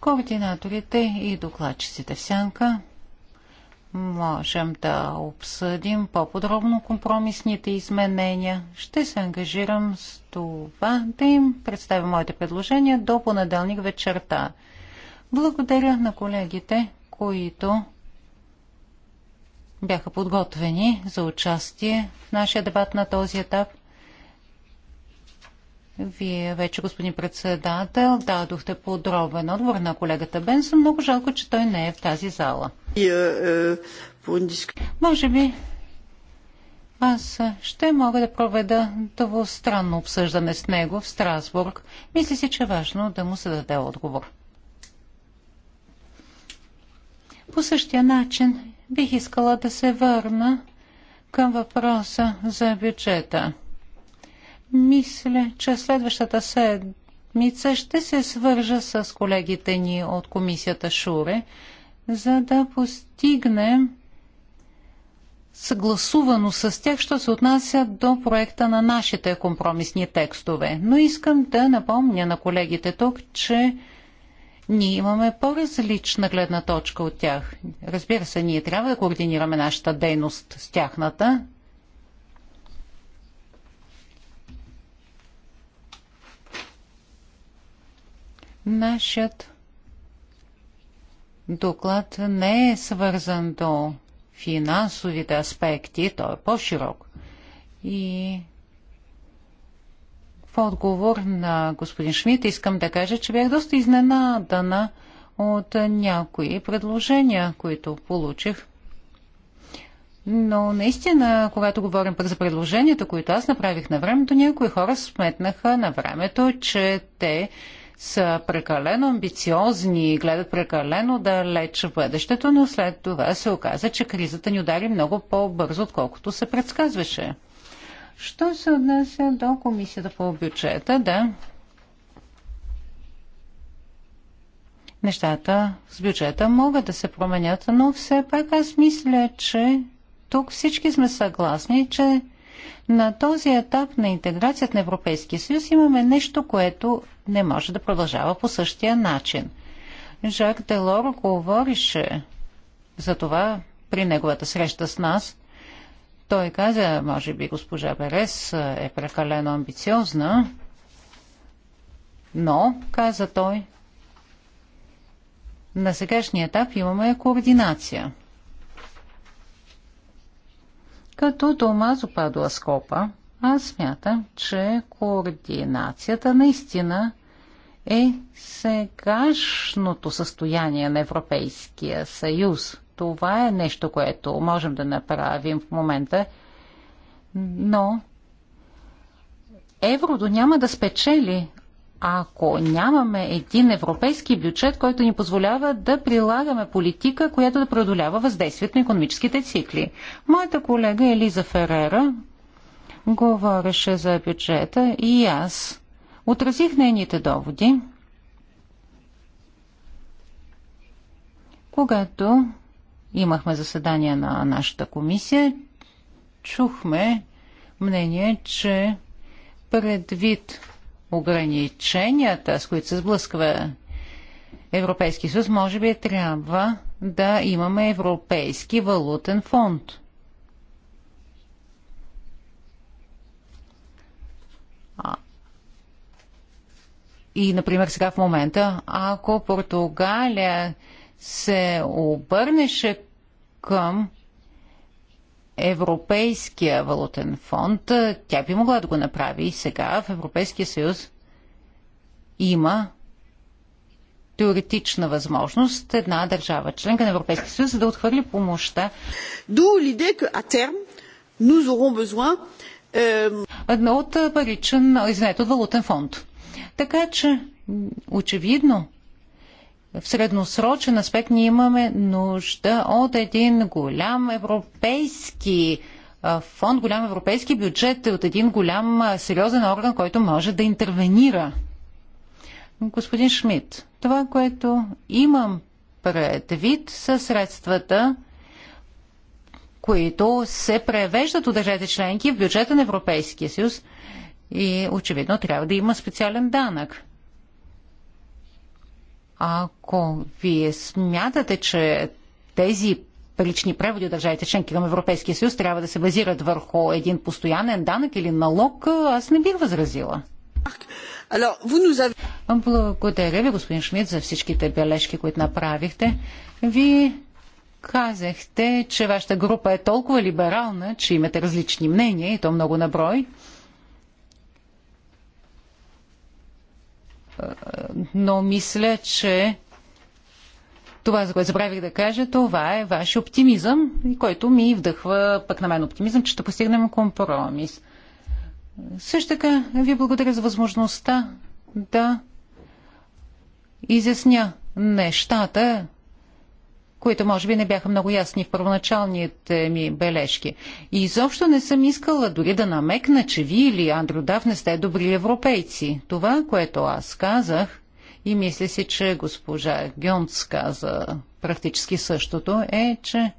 координаторите и докладчиците в сянка можем да обсъдим по-подробно компромисните изменения. Ще се ангажирам с това да им представя моите предложения до понеделник вечерта. Благодаря на колегите, които бяха подготвени за участие в нашия дебат на този етап. Вие вече, господин председател, дадохте подробен отговор на колегата Бенсон. Много жалко, че той не е в тази зала. Е, е, Може би аз ще мога да проведа странно обсъждане с него в Страсбург. Мисля си, че е важно да му се даде отговор. По същия начин бих искала да се върна към въпроса за бюджета. Мисля, че следващата седмица ще се свържа с колегите ни от комисията Шуре, за да постигнем съгласувано с тях, що се отнася до проекта на нашите компромисни текстове. Но искам да напомня на колегите тук, че ние имаме по-различна гледна точка от тях. Разбира се, ние трябва да координираме нашата дейност с тяхната, Нашият доклад не е свързан до финансовите аспекти, той е по-широк. И в отговор на господин Шмидт искам да кажа, че бях доста изненадана от някои предложения, които получих. Но наистина, когато говорим пък за предложенията, които аз направих на времето, някои хора сметнаха на времето, че те са прекалено амбициозни и гледат прекалено далеч в бъдещето, но след това се оказа, че кризата ни удари много по-бързо, отколкото се предсказваше. Що се отнася до комисията по бюджета, да. Нещата с бюджета могат да се променят, но все пак аз мисля, че тук всички сме съгласни, че на този етап на интеграцията на Европейския съюз имаме нещо, което не може да продължава по същия начин. Жак Делор говорише за това при неговата среща с нас. Той каза, може би госпожа Берес е прекалено амбициозна, но, каза той, на сегашния етап имаме координация – като Томазо Падуаскопа, аз смятам, че координацията наистина е сегашното състояние на Европейския съюз. Това е нещо, което можем да направим в момента, но еврото няма да спечели, ако нямаме един европейски бюджет, който ни позволява да прилагаме политика, която да преодолява въздействието на економическите цикли. Моята колега Елиза Ферера говореше за бюджета и аз отразих нейните доводи, когато имахме заседание на нашата комисия, чухме мнение, че предвид ограниченията, с които се сблъсква Европейски съюз, може би трябва да имаме Европейски валутен фонд. И, например, сега в момента, ако Португалия се обърнеше към Европейския валутен фонд, тя би могла да го направи и сега в Европейския съюз има теоретична възможност една държава, членка на Европейския съюз, да отхвърли помощта. D'où l'idée а терм, nous aurons besoin euh, от паричен, извинете, от валутен фонд. Така че, очевидно, в средносрочен аспект ние имаме нужда от един голям европейски фонд, голям европейски бюджет, от един голям сериозен орган, който може да интервенира. Господин Шмидт, това, което имам предвид са средствата, които се превеждат от държавите членки в бюджета на Европейския съюз и очевидно трябва да има специален данък. Ако вие смятате, че тези прилични преводи от държавите членки към Европейския съюз трябва да се базират върху един постоянен данък или налог, аз не бих възразила. Благодаря ви, господин Шмидт, за всичките бележки, които направихте. Вие казахте, че вашата група е толкова либерална, че имате различни мнения и то много наброй. но мисля, че това, за което забравих да кажа, това е ваш оптимизъм, който ми вдъхва пък на мен оптимизъм, че ще постигнем компромис. Също така, ви благодаря за възможността да изясня нещата, които може би не бяха много ясни в първоначалните ми бележки. И изобщо не съм искала дори да намекна, че вие или Андрю Дав не сте добри европейци. Това, което аз казах, и мисля си, че госпожа Гюнц каза практически същото, е, че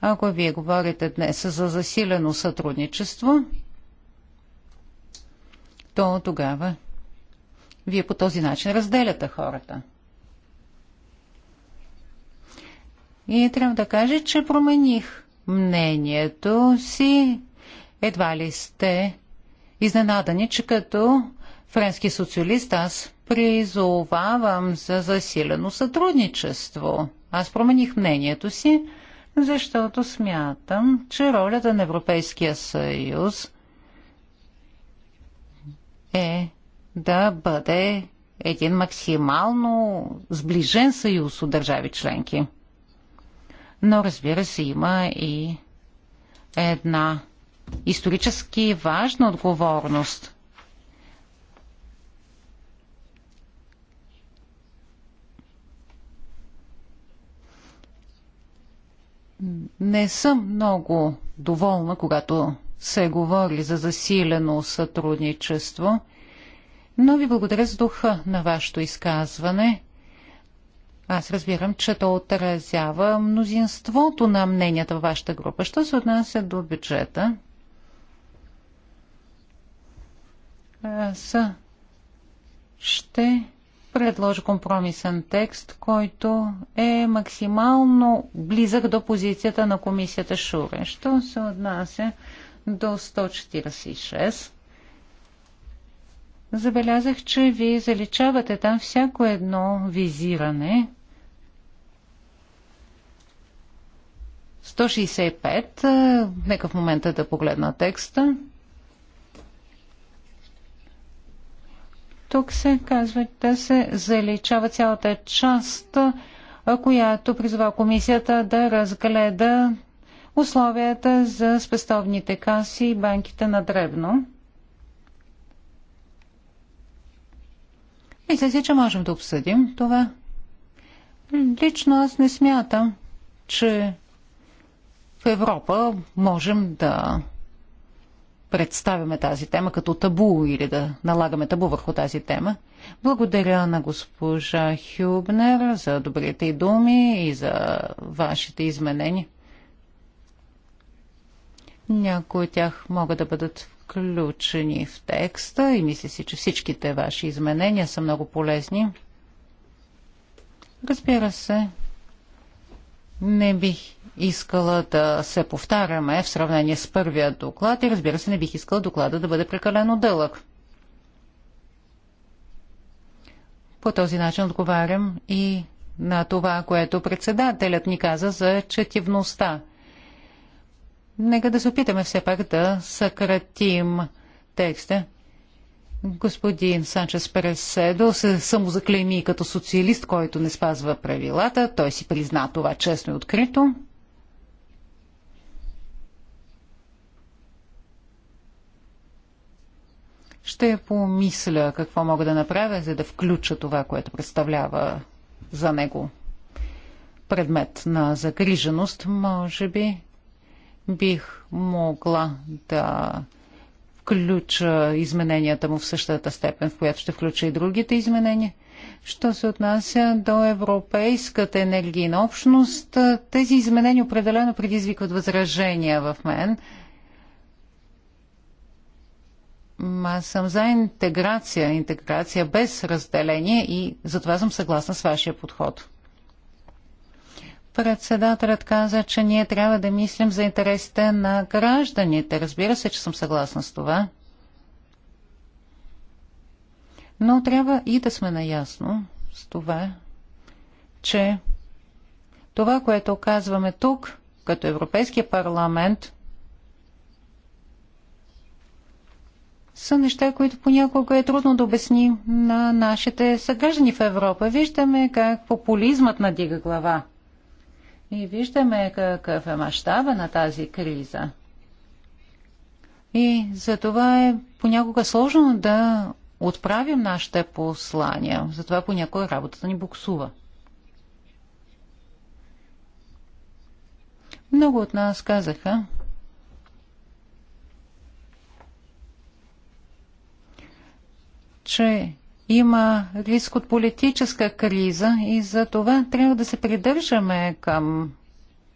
ако вие говорите днес за засилено сътрудничество, то тогава вие по този начин разделяте хората. И трябва да кажа, че промених мнението си. Едва ли сте изненадани, че като френски социалист аз призовавам за засилено сътрудничество. Аз промених мнението си, защото смятам, че ролята на Европейския съюз е да бъде един максимално сближен съюз от държави членки но разбира се има и една исторически важна отговорност. Не съм много доволна, когато се говори за засилено сътрудничество, но ви благодаря за духа на вашето изказване – аз разбирам, че то отразява мнозинството на мненията във вашата група. Що се отнася до бюджета? Аз ще предложа компромисен текст, който е максимално близък до позицията на комисията Шуре. Що се отнася до 146? Забелязах, че ви заличавате там всяко едно визиране – 165. Нека в момента да погледна текста. Тук се казва да се заличава цялата част, която призва комисията да разгледа условията за спестовните каси и банките на дребно. Мисля си, че можем да обсъдим това. Лично аз не смятам, че в Европа можем да представяме тази тема като табу или да налагаме табу върху тази тема. Благодаря на госпожа Хюбнер за добрите й думи и за вашите изменения. Някои от тях могат да бъдат включени в текста и мисля си, че всичките ваши изменения са много полезни. Разбира се, не бих искала да се повтаряме в сравнение с първия доклад и разбира се не бих искала доклада да бъде прекалено дълъг. По този начин отговарям и на това, което председателят ни каза за четивността. Нека да се опитаме все пак да съкратим текста. Господин Санчес Преседо се самозаклейми като социалист, който не спазва правилата. Той си призна това честно и открито. Ще помисля какво мога да направя, за да включа това, което представлява за него предмет на загриженост. Може би бих могла да включа измененията му в същата степен, в която ще включа и другите изменения. Що се отнася до Европейската енергийна общност, тези изменения определено предизвикват възражения в мен – аз съм за интеграция, интеграция без разделение и затова съм съгласна с вашия подход. Председателят каза, че ние трябва да мислим за интересите на гражданите. Разбира се, че съм съгласна с това. Но трябва и да сме наясно с това, че това, което казваме тук, като Европейския парламент, са неща, които понякога е трудно да обясним на нашите съграждани в Европа. Виждаме как популизмът надига глава. И виждаме какъв е мащаба на тази криза. И затова е понякога сложно да отправим нашите послания. Затова понякога работата ни буксува. Много от нас казаха, че има риск от политическа криза и за това трябва да се придържаме към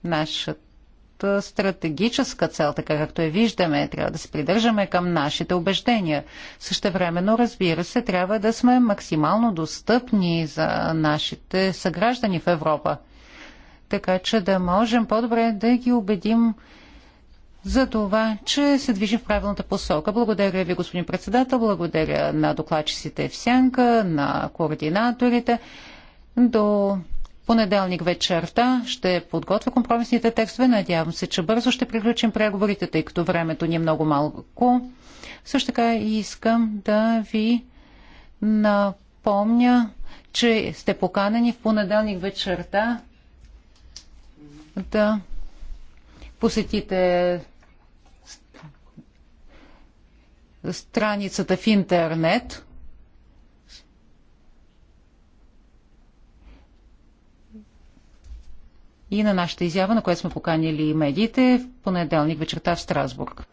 нашата стратегическа цел, така както я виждаме. Трябва да се придържаме към нашите убеждения. Същевременно, разбира се, трябва да сме максимално достъпни за нашите съграждани в Европа, така че да можем по-добре да ги убедим за това, че се движи в правилната посока. Благодаря ви, господин председател, благодаря на докладчиците в Сянка, на координаторите. До понеделник вечерта ще подготвя компромисните текстове. Надявам се, че бързо ще приключим преговорите, тъй като времето ни е много малко. Също така искам да ви напомня, че сте поканени в понеделник вечерта да посетите страницата в интернет. И на нашата изява, на която сме поканили медиите в понеделник вечерта в Страсбург.